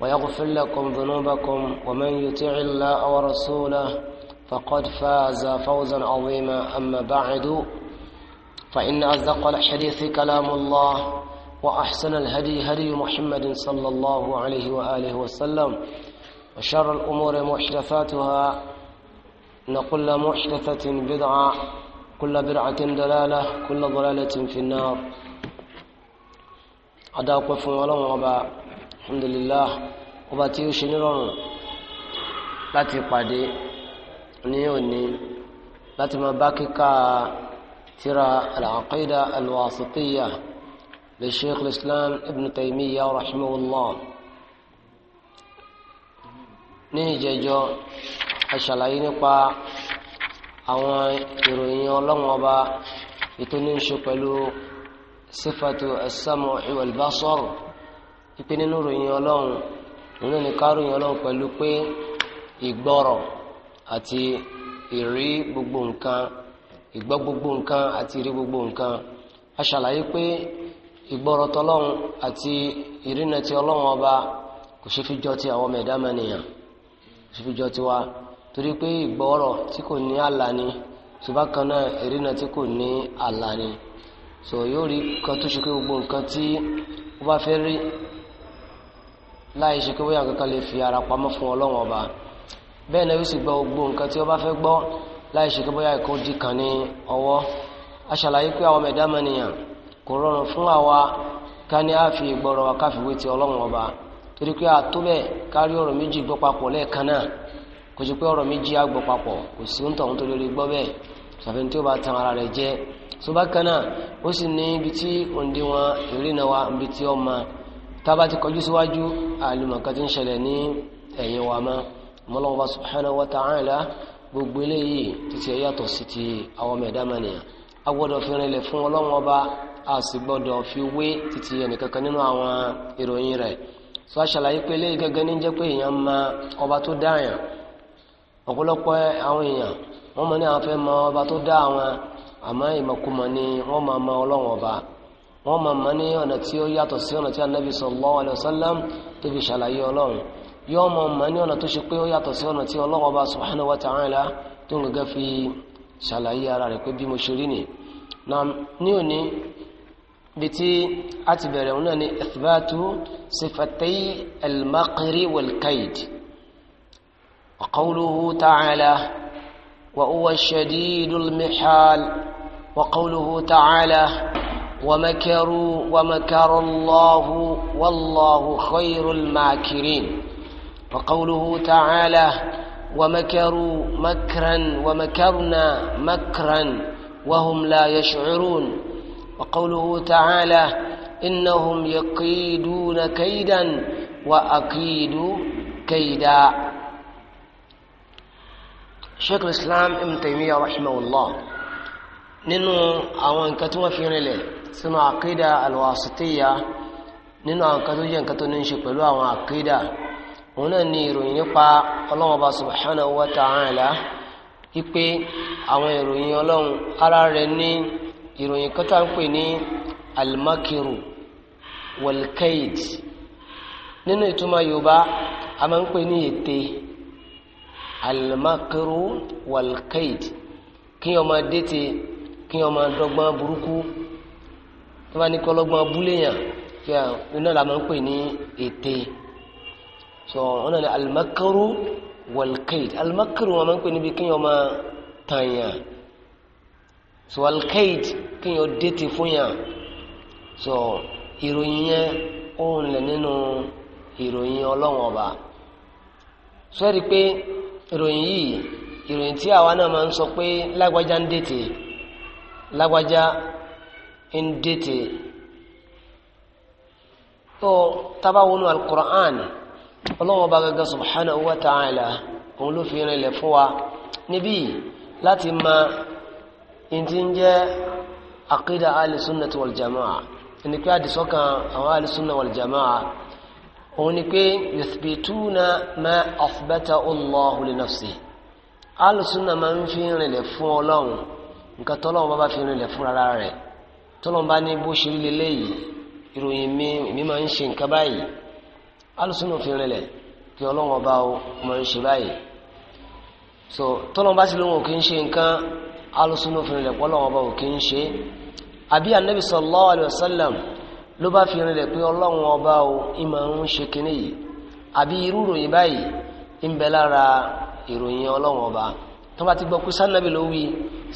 ويغفر لكم ذنوبكم ومن يطع الله ورسوله فقد فاز فوزا عظيما أما بعد فإن أصدق الحديث كلام الله وأحسن الهدي هدي محمد صلى الله عليه وآله وسلم وشر الأمور محدثاتها إن كل محدثة بدعة كل بدعة دلالة كل ضلالة في النار أداكم فمولون وبا alhamdulillah ọba tí ó ṣe nírọ̀rùn láti pàdé ní òní láti máa bá kíkà tíra al-aqida al-wasitiyya li sheikh al-islam ibn taymiya rahimahullah ní ìjẹjọ́ aṣàlàyé nípa àwọn ìròyìn ọlọ́wọ́n ọba pẹ̀lú sífàtù as-sam'i pípé nínú ròyìn ọlọ́run nínú ní ká ròyìn ọlọ́run pẹ̀lú pé ìgbọ́rọ̀ àti ìrí gbogbo nǹkan ìgbọ́ gbogbo nǹkan àti ìrí gbogbo nǹkan a ṣàlàyé pé ìgbọ́rọ̀ tọlọ́run àti ìrìnà ti ọlọ́run ọba kò ṣe fi jọ ti àwọn ọmọ ẹ̀dá mẹ́nìyàn kò ṣe fi jọ ti wa torí pé ìgbọ́rọ̀ tí kò ní àlà ni ṣùgbọ́n kan náà ìrìnà tí kò ní àlà ni so yóò rí kan tó ṣe pé gbogbo nǹkan tí ó bá fẹ́ rí láì ṣe pé bóyá kankan lè fi ara pamọ́ fún ọlọ́run ọba bẹ́ẹ̀ náà yóò sì gbọ́ gbogbo nǹkan tí ó bá fẹ́ gbọ́ láì ṣe pé bóyá ẹ̀kọ́ di kan ní ọwọ́ a ṣàlàyé pé àwọn mẹ̀dámẹ́nìyàn kò rọrùn fún àwa ká ní á fi ìgbọ́rọ̀ wa káfíwé ti ọlọ́run ọba torí pé àtúbẹ̀ kárí ọ̀rọ̀ méjì gbọ́ papọ̀ lẹ́ẹ̀kan náà kò sí pé ọ̀rọ̀ méjì á gbọ́ papọ̀ kò sí ń tọ̀hún tó gbọ́ bẹ́ẹ̀ ṣàfihàn tí ó bá tan ara rẹ̀ jẹ́ so bákan náà ó sì ní ibi tí òǹdíwọ̀n ìrìnà wa ibi tí ó máa tába ti kọjú síwájú àlùmọ̀kan ti ń ṣẹlẹ̀ ní ẹ̀yìn wa mọ́ mọ́lọ́wọ́ subhanahu wa ta'ala gbogbo eléyìí títí ẹ yàtọ̀ sí ti àwọn ọmọ ẹ̀dá mẹ́nìyàn a gbọ́dọ̀ fi rinlẹ̀ fún ọlọ́run ọba a sì gbọ́dọ̀ fi wé títí ẹnìkankan nínú àwọn ìròyìn rẹ̀ sọ àṣàlàyé pé eléyìí gẹ́gẹ́ wọ́n máa mọ̀ ní ọ̀nà tí ó yàtọ̀ sí ọ̀nà tí anabi sallallahu alayhi wa sallam tó fi ṣàlàyé ọlọ́run yóò máa mọ̀ ní ọ̀nà tó ṣe pé ó yàtọ̀ sí ọ̀nà tí ọlọ́run ọba subhanahu wa ta'ala tó ń gẹ́gẹ́ fi ṣàlàyé ara rẹ̀ pé bí mo ṣe rí ni na ní òní bí tí a ti bẹ̀rẹ̀ òun náà ni ithbatu sifatay al-maqri wal-kayd qawluhu ta'ala wa huwa shadidul mihal wa ومكروا ومكر الله والله خير الماكرين وقوله تعالى ومكروا مكرا ومكرنا مكرا وهم لا يشعرون وقوله تعالى إنهم يقيدون كيدا وأكيد كيدا شيخ الإسلام ابن تيمية رحمه الله ننو أوان nǹkan tí sínú àkídà alwasitiyya nínú àwọn kan tó jẹ́ nǹkan tó ní ṣe pẹ̀lú àwọn àkídà òun náà ni ìròyìn nípa ọlọ́run ọba subhanahu wa ta'ala wípé àwọn ìròyìn ọlọ́run ara rẹ̀ ní ìròyìn kan tó ń pè ní almakiru walkaid nínú ìtumọ̀ yorùbá a máa ń pè ní ète almakiru walkaid kí ọmọ dẹ́tẹ̀ kí ọmọ dọ́gbọ́n burúkú tó bá ní kọlọ́gbọ́n abúlé yàn kí à nínú la máa ń pè ní ète so wọn náà ní alimakaru walkaid alimakaru wọn máa ń pè níbi kéèyàn máa tàyàn so walkaid kéèyàn déte fún yàn so ìròyìn yẹn ó ń lẹ nínú ìròyìn ọlọ́wọ́n ọba so ẹ rí i pé ìròyìn yìí ìròyìn tí àwa náà máa ń sọ pé lágbájá ń déte lágbájá in detail so tabawonu alquran ọlọ́wọ́ bá gẹ́gẹ́ subhanahu wa ta'ala òun ló fi rinlẹ̀ fún wa níbí láti ma in ti ń jẹ́ aqida alisunnati wal jama'a ni pé àdìsọ́kan àwọn alisunna wal jama'a òun ni pé yuthbituna ma athbata Allahu li nafsihi alisunna ma fi rinlẹ̀ fún ọlọ́run nǹkan tọ́lọ́run bá fi rinlẹ̀ fún rárá rẹ̀ tọ́lọ́n bá ní bó ṣe rí leléyìí ìròyìn mi mi máa ń ṣe nǹkan báyìí alùsùn òfin rẹ̀ kí ọlọ́run ọba ó máa ń ṣe báyìí so tọ́lọ́n bá sì lóun ò kí ń ṣe nǹkan alùsùn òfin rẹ̀ pé ọlọ́run ọba ò kí ń ṣe àbí anabi sallallahu alayhi wa sallam ló bá fi rìn rẹ̀ pé ọlọ́run ọba ó ìmọ̀ ń ṣe kinní yìí àbí irú ìròyìn báyìí ń bẹ lára ìròyìn ọlọ́run ọba tó ti gbọ́ pé sannabi ló wí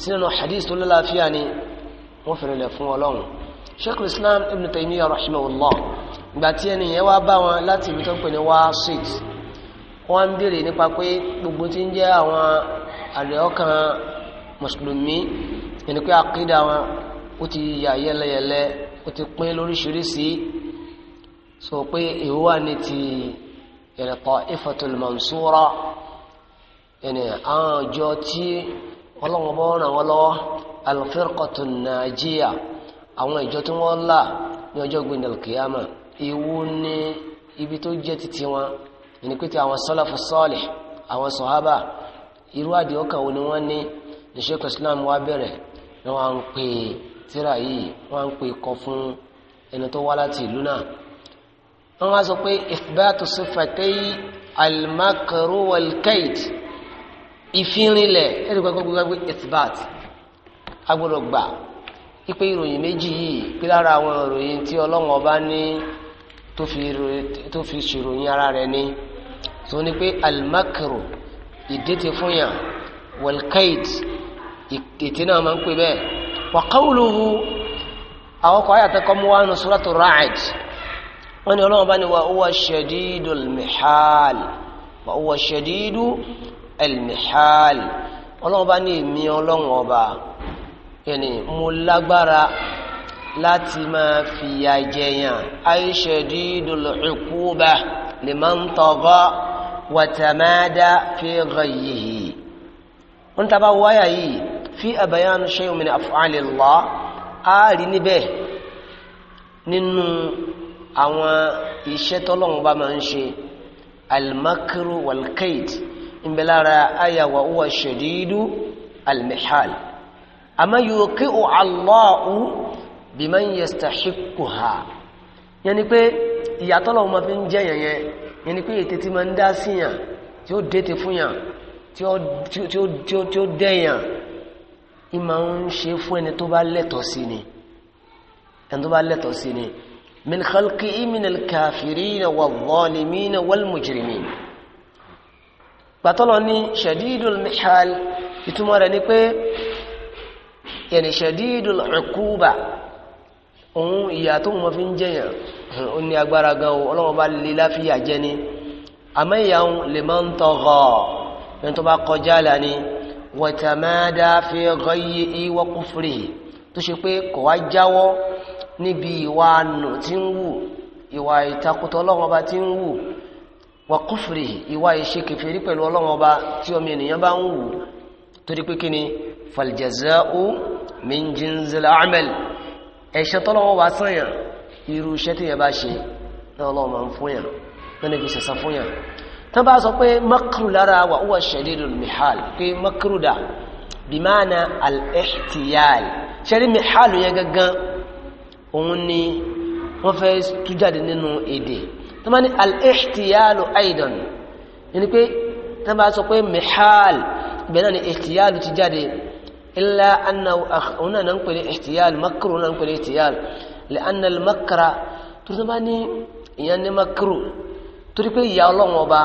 sínú hadith tó lálàáfíà ni wọ́n fẹ́rẹ̀ lẹ̀ fún ọlọ́run sheikul islam ibn taymiyyah rahimahullah ìgbà tí ẹni yẹn wá bá wọn láti ibi tó ń pè ní wá six wọ́n ń béèrè nípa pé gbogbo tí ń jẹ́ àwọn àrẹ ọkàn mùsùlùmí ẹni pé àkídà wọn ó ti yà yẹlẹyẹlẹ ó ti pín lóríṣiríṣi sọ pé èwo wà ní ti ẹ̀rẹ̀kọ́ ifatul mansura ẹni àwọn ọjọ́ tí ọlọ́wọ́ bọ́ ràn wọ́n lọ́wọ́ alfirqatu najiya àwọn ìjọ tí wọ́n là ní ọjọ́ gbẹ̀ndẹ̀ kìyàmà ìwú ní ibi tó jẹ́ títí wọn ìní pé ti àwọn salafu salih àwọn sọ̀hábà irú àdìọ́kà wo ni wọ́n ní ní sheikh islam wá bẹ̀rẹ̀ ni wọ́n ń pè tíra yìí wọ́n ń pè kọ fún ẹni tó wá láti ìlú náà wọ́n wá sọ pé ithbatu sifatay al ìfinrinlẹ̀ ẹ̀rí gbogbo gbogbo ithbat agbọ́dọ̀ gbà ipe ìròyìn méjì yìí pé lára àwọn ìròyìn tí ọlọ́run ọba ní tó fi ṣèròyìn ara rẹ̀ ni tó ní pé almakaro ìdíte fún yàn walkaid ètí náà máa ń pè bẹ́ẹ̀ wàkàwùlùhù àwọn ọkọ̀ ayàtọ̀ kọ́ mú wánu suratu Ra'd wọ́n ní ọlọ́run bá ní wa huwa shadidul mihal wa huwa shadidul mihal ọlọ́run bá ní èmi ọlọ́run ọba yẹni mo lágbára láti máa fìyà jẹyàn ay shadidul uquba liman tagha wa tamada fi ghayyihi wọ́n tàbá wáyà yìí fi bayan shay'un min af'alillah á rí níbẹ̀ nínú àwọn iṣẹ́ tọ́lọ́run máa ń ṣe almakru walkaid ń bẹ lára ayawa huwa àmọ́ yóò kí o Allahu biman yastahiqquha yẹn ni pé ìyàtọ́lọ̀ ọmọ fi ń jẹ́ yẹnyẹn yẹn ni pé ètè tí ma ń dá síyàn tí ó dé ti fúnyàn tí ó dẹ́yàn ìmọ̀ ń ṣe fún ẹni tó bá lẹ́tọ̀ sí ni ẹni tó bá lẹ́tọ̀ sí ni min khalqihi minal kafirina wadh-dhalimina wal-mujrimina gbàtọ́lọ̀ ní shadidul mihal ìtumọ̀ rẹ̀ ni pé yẹni shadidul uquba òun ìyà tó mọ́ fi ń jẹyàn ó ní agbára gan o ọlọ́wọ́ bá lè láfíà jẹ ni àmọ́ ìyà òun lè máa ń tọ̀gọ̀ ẹni tó bá kọjá là ni wọ̀tàmádá fi gọ́yí ìwọ́ kúfúrì tó ṣe pé kò wá jáwọ́ níbi ìwà nù tí ń wù ìwà ìtakùtọ̀ ọlọ́wọ́ bá tí ń wù wà kúfúrì ìwà ìṣe kẹfẹ́rí pẹ̀lú ọlọ́wọ́ bá tí ọmọ ènìyàn bá ń wù torí pé kí ni faljaza'u min jinzil amal ẹ̀ṣẹ̀ tọ́lọ́wọ́ wá sànyàn irú iṣẹ́ tí yẹn bá ṣe náà lọ́wọ́ máa ń fún yàn lọ́nà kì í ṣẹ̀ṣẹ̀ fún yàn tán bá sọ pé makru lára wà ó wà shadidul mihal pé makru dà bí máa na al-ihtiyal wọ́n fẹ́ tú nínú èdè tán bá ní al aidan ni pé tán bá sọ pé mihal bẹ́ẹ̀ náà ni ihtiyal ti jáde illa annahu akhuna nan pele ihtiyal makru nan pele ihtiyal li anna al makra turba ni iyan ni makru torí pé ìyà Ọlọ́run ọba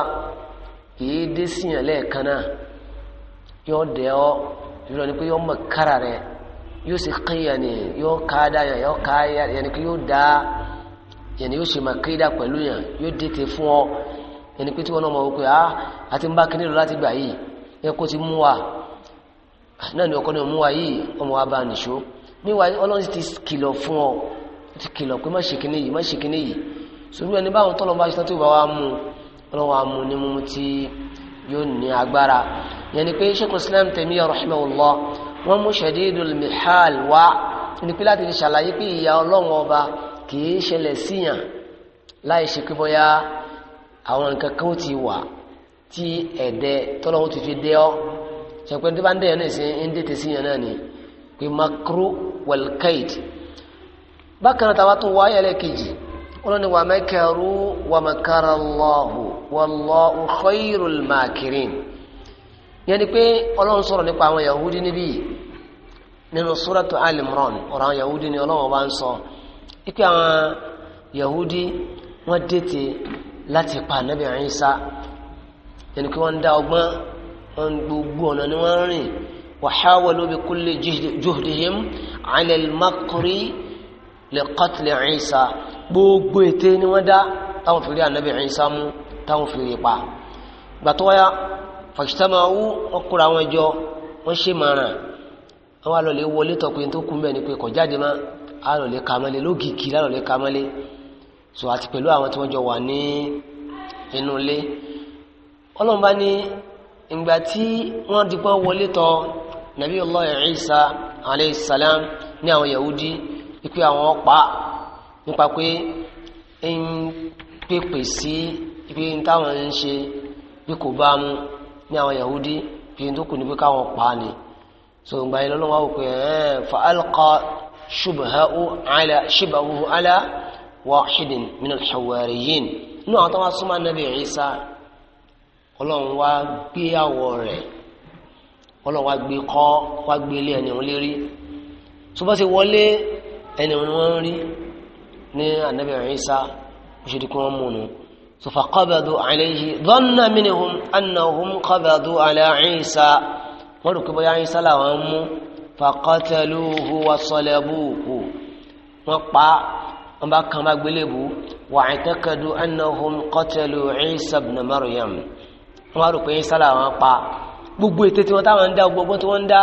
kìí dé síyàn lẹ́ẹ̀kan náà yóò dẹ̀ ọ́ ìrọ̀ ni pé yóò mọ̀ kára rẹ̀ yóò sì kíyà ni yóò káadá yàn yóò káyà yàn ni pé yóò dá yàn ni yóò ṣe máa kíyà pẹ̀lú yàn yóò dìtẹ̀ fún ọ yàn ni pé ah àti ń bá kíní lọ láti gbà yìí yẹ kó ti mú wa náà ni ọkọ náà mú wa yìí ọmọ wa bá nìṣó níwà ọlọ́run ti kìlọ̀ fún ọ ti kìlọ̀ pé má ṣe kíní yìí má ṣe kíní yìí sórí ẹni báwọn tọ́lọ́ bá ṣetán tó bá wa mú ọlọ́run wa mú ní mímú tí yóò ní agbára yẹn ni pé sheikh islam Taymiyya rahimahullah wọ́n mú shadidul mihal wá ní pé láti fi ṣàlàyé pé ìyà ọlọ́run ọba kìí ṣẹlẹ̀ síyàn láì ṣe pé bóyá àwọn nǹkan kan ó ti wà tí ẹ̀dẹ tọ́lọ́run ti fi dé ọ́ ṣẹ̀pẹ́ tó bá ń dẹ̀yàn náà sí ń dètè sí yàn náà ni pé makru wal kaid bákan náà tàbá tó wá ayẹ̀lẹ̀ kejì wọn ni wa makaru wa makara Allahu wallahu khairul makirin yẹn ni pé ọlọ́run sọ̀rọ̀ nípa àwọn yahudi níbí nínú suratu alimran ọ̀rọ̀ àwọn wọ́n dètè láti pa wọn gbogbo ọ̀nà ni wọ́n rìn wàháwàlú bí kulli juhdihim ala al-makri li qatli Isa gbogbo ète ni wọ́n dá táwọn fìrí ànábì Isa mú táwọn fìrí pa gbàtọ́wáyá fàṣítàmáwú ọkùnrin àwọn ẹjọ́ wọ́n ṣe màrán wọ́n wá lọ́lẹ̀ wọlé tọpin tó kún mẹ́ni pé kọ̀ jáde má a lọ́lẹ̀ lógìkì lálọ́lẹ̀ kàmọ́lẹ̀ so àti pẹ̀lú àwọn tí wọ́n jọ wà ní inú ilé ọlọ́mbá ní ìgbà tí wọ́n dipọ́ wọlé tọ̀ nàbí Allah Isa alayhi salam ní àwọn yahudi ipe àwọn ọ̀pá nípa pé ń pèpè sí ipe táwọn ń ṣe bí kò bá mu ní àwọn yahudi bí n tó kù ní pé káwọn pa ni so ìgbà yìí lọ́lọ́wọ́ wò pé ẹ̀ẹ́n fa alqa shubhahu ala shibhahu ala wahidin min al àwọn tó wá súnmọ́ nàbí Isa ọlọ́run wá gbé àwọ̀ rẹ̀ ọlọ́run wá gbé kọ́ wá gbé ilé ẹni òun lérí tó bá ti wọlé ẹni òun wọ́n rí ní ànábì Ìsá ó ṣe di kí wọ́n mú un so faqabadu alayhi dhanna minhum annahum qabadu ala Ìsá wọ́n rò pé bóyá Ìsá làwọn mú faqataluhu wa salabuhu wọ́n pa wọ́n bá kan bá gbélébù wa i'taqadu annahum qatalu Ìsá ibn Maryam wọ́n rò pé ìsá làwọn pa gbogbo ètè tí wọ́n táwọn ń dá gbogbo tí wọ́n ń dá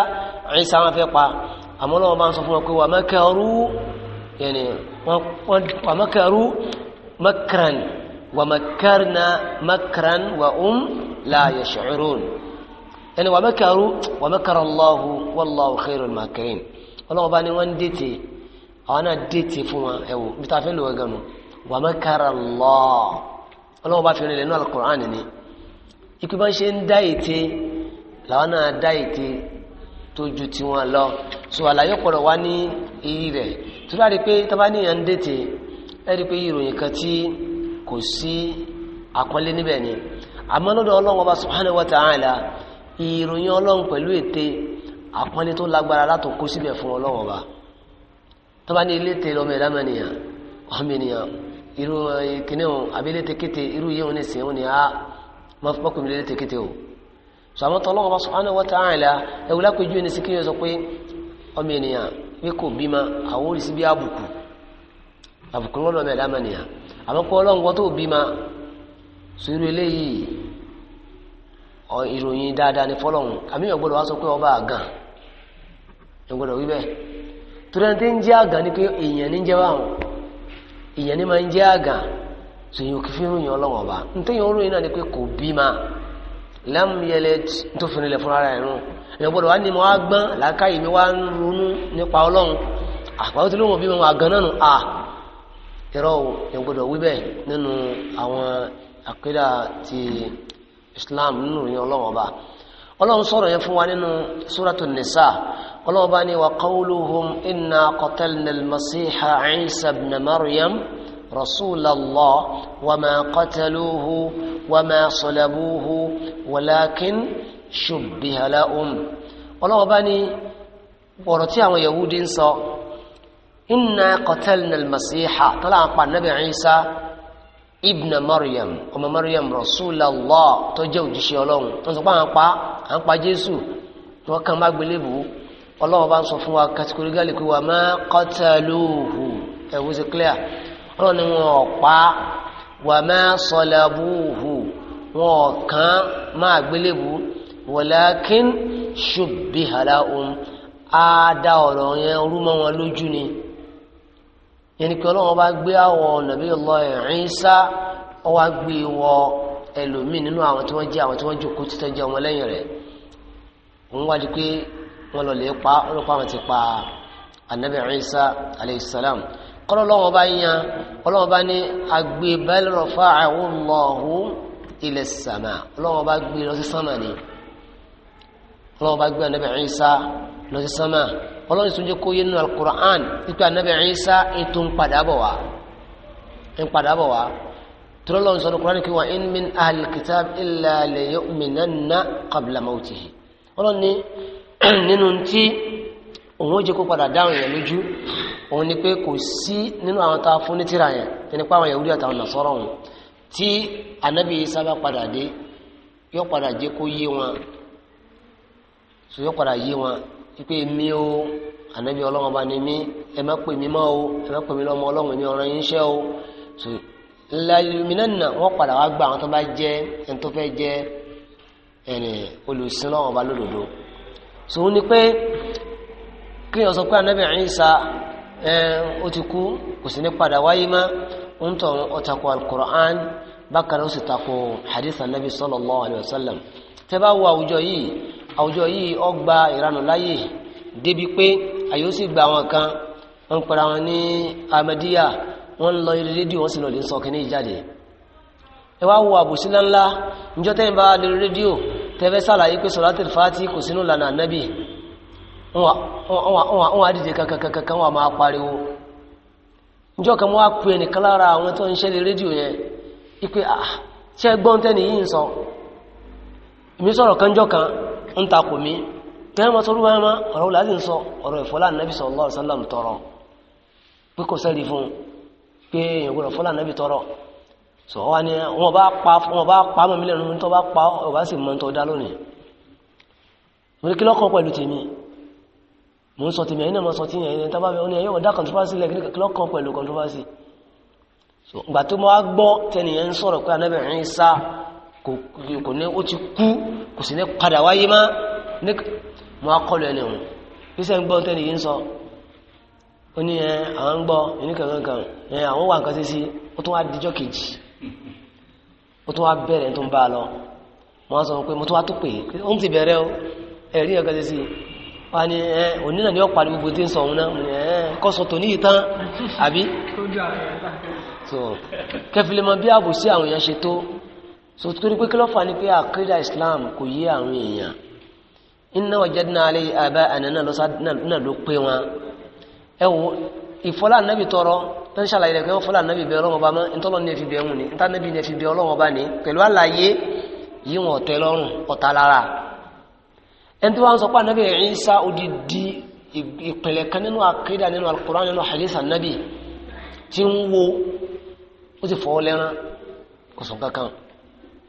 ìsá wọn fẹ́ pa àmọ́ lọ́wọ́ bá ń sọ fún wọn pé wà makaru yẹni wà makaru makran wà makarna makran wà um ẹni wà makaru wà makara ikú bá ṣe ń dá ète làwọn náà dá ète tó ju tiwọn lọ so àlàyé pọ̀rọ̀ wá ní iyì rẹ̀ tó láti pé tó bá ní dètè ẹ̀rí pé ìròyìn kan tí kò sí àkọlé níbẹ̀ ni àmọ́ lọ́dọ̀ ọlọ́run ọba subhanahu wa ta'ala ìròyìn ọlọ́run pẹ̀lú ète àpọ́nlé tó lágbára látò kó síbẹ̀ fún ọlọ́run ọba tó bá ní ilé tẹ lọ́mọ ẹ̀dá mẹ́niyàn ọmọ ènìyàn irú eh, kìnìún àbílẹ̀ tẹ kéte irú yẹ́wọ̀n ní sìn má fọkùn mi o sọmọ tọ lọwọ bá subhanahu wa ta'ala ẹwù lápẹjù ẹni sí kéèyàn sọ pé ọmọ ènìyàn pé kò bímọ àwọn oríṣi bí àbùkù àbùkù lọ́dọ̀ ọmọ ẹ̀dá mẹ́nìyàn àmọ́ pé ọlọ́ngbọ́n tó bímọ sórí eléyìí ìròyìn dáadáa ní fọlọ́hún àmì wá sọ pé ọba àgàn wí tó ń àgàn ni pé èèyàn ní jẹ́ báwọn èèyàn ní máa ń àgàn sèyí ò kì fi ròyìn ọlọ́wọ́ ọba ntẹ́yìn oròyìn náà ni pé kò bí ma lam yalid tó fi nílẹ̀ fúnra rẹ̀ nù èèyàn gbọ́dọ̀ wá ní mo wá gbọ́n làákàyè mi wá ń ronú nípa ọlọ́run àpáwọ́ tó ló wọ́n bí wọn àgán náà nù à ẹ̀rọ èèyàn gbọ́dọ̀ wí bẹ́ẹ̀ nínú àwọn àkídà ti Islam nínú ròyìn ọlọ́run ọba ọlọ́run sọ̀rọ̀ yẹn fún wa nínú suratu nisa ọlọ́run bá ní wa qawluhum inna qatalna al-masiha Isa رسول الله وما قتلوه وما صلبوه ولكن شبه لهم ọlọ́wọ́ bá ní ọ̀rọ̀ tí àwọn yahudi ń sọ inna qatalna al-masiha tọ́lá àpá nabi isa ibn maryam ọmọ maryam rasulallah tó jẹ́ òjíṣẹ́ ọlọ́run tó ń sọ pé àwọn pa àwọn pa jésù tí wọ́n kàn má gbélébù ọlọ́wọ́ bá ń sọ fún wa kàtíkórí gálíkì wa ma qataluhu ẹ̀wọ́ sí clear wọn ni wọn ò pa wà máa salabuhu wọn ò kàn máa gbélébù walakin shubbiha lahum á dá ọ̀rọ̀ yẹn rúmọ́ wọn lójú ni yẹn ni pé ọlọ́wọ́n bá gbé àwọn Nabiyullah Isa ọwọ́ gbé wọ ẹlòmíì nínú àwọn tí wọ́n jẹ́ àwọn tí wọ́n jókòó títọ́ jẹ́ ọmọ lẹ́yìn rẹ̀ wọ́n wá di pé wọ́n lọ lè pa wọ́n lọ pa àwọn ti pa Ànábì Isa alayhi salam kọ́lọ́ lọ́wọ́ bá yan ọlọ́wọ́ bá ní agbè bal rafa'ahu Allahu ila sama ọlọ́wọ́ bá gbé lọ sí sánmà ni ọlọ́wọ́ bá gbé Ànábì Ìsá lọ sí sánmà ọlọ́wọ́ ìsúnjẹ́ kó yé nínú al-Qur'an pípẹ́ Ànábì Ìsá ètò ń padà bọ̀ wá ń padà bọ̀ wá tọ́lọ́ ń sọ̀rọ̀ Qur'an kí wa in min ahli kitab illa layu'minanna qabla mawtihi ọlọ́ni nínú ti òun ó jẹ́ kó padà dáhùn yẹn lójú òun ni pé kò sí nínú àwọn tá a fún ní tírà yẹn ẹni pé àwọn Yahudi àtàwọn Nasara wọn tí anabi Isa bá padà dé yóò padà jẹ́ kó yé wọn so yóò padà yé wọn pé mi o anabi ọlọ́wọ́n bá ní mí ẹ má pè mí mọ́ o ẹ má pè mí lọ́mọ ọlọ́wọ́n mi ọ̀ràn yín ṣẹ́ o so lálùmínánà wọ́n padà wá gba àwọn tó bá jẹ́ ẹni tó fẹ́ jẹ́ ẹni olùsìn bá lódodo so ó ní pé kí wọ́n sọ pé anabi Isa ó ti kú kò sí ní padà wáyé má ń tọ̀ ó tako alukur'an bákan ó sì tako hadith anabi sallallahu alayhi wa sallam tẹ́ bá wo àwùjọ yìí àwùjọ yìí ó gba ìranù láyè débi pé àyè ó sì gba àwọn kan wọ́n pẹ̀lú àwọn ní amadiya wọ́n lọ ilé rédíò wọ́n sì lọ lè sọ kìíní ìjáde ẹ wá wo àbòsí ńláńlá níjọ́ tẹ́yìn bá lè rédíò tẹ́fẹ́ sàlàyé pé sọ̀rọ̀ àtẹ̀fà tí kò sínú lànà ànábì wọ́n wá dìde kankankan wọ́n máa pariwo níjọ́ kan wọ́n á pè nìkan lára àwọn tó ń ṣẹlẹ̀ rédíò yẹn ipe ah, ṣe gbọ́n tẹ́ni yìí ń sọ èmi sọ̀rọ̀ kanjọ́ kan ń takò mí ma sọ́rọ̀ wọn ọ̀rọ̀ láti ń sọ sọ mo ń sọ tèmi ẹ̀yìn náà mo sọ tí ẹ̀yìn tábà bẹ̀ ọ́ ní ẹ̀yọ́ ọ̀dá controversy lẹ́gbẹ̀ẹ́ lọ́kàn pẹ̀lú controversy so ìgbà tó máa gbọ́ tẹnìyàn ń sọ̀rọ̀ pé anábẹ̀ rìn sá kò ní ó ti kú kò sì ní padà wáyé má ní mo akọlù ẹni òun bí sẹ́ ń gbọ́ tẹnìyàn ń sọ ó ní ẹ àwọn ń gbọ́ ẹni kankan ẹ àwọn wà nǹkan sísí ó tún wá dijọ́ kejì ó tún wá bẹ̀rẹ̀ tó ń bá a lọ mo sọ pé mo tún wá tó pè é ó ń ti bẹ̀rẹ̀ o ẹ̀rí nǹkan sísí wà ní ẹ onínà ní ọ̀pá ní gbogbo tí ń sọ òun náà kọ́sọ̀ tó níyì tán àbí so kẹfìlẹ̀ mọ bí ààbò sí àwọn èèyàn ṣe Islam kò yé àwọn wajadna alayhi aba'ana náà ló pé wọn ẹ wo ìfọlá ànábì tọrọ tó ń ṣàlàyé rẹ̀ pé wọ́n fọlá ànábì bẹ ọlọ́wọ́ bá mọ́ ìtọ́lọ́ ní ẹfi bẹ ẹ̀hún ni ìtànábì ní ẹfi bẹ ọlọ́wọ́ bá ní pẹ̀lú àlàyé yíwọ̀n ọ̀tẹ́ lọ́rùn ẹni tó wá ń sọ pé ànábì Ìsá odidi ìpìlẹ̀ kan nínú àkídà nínú Al-Qur'an nínú hadith ànábì tí ń wo ó sì fọ́ lẹ́rán kò sùn kankan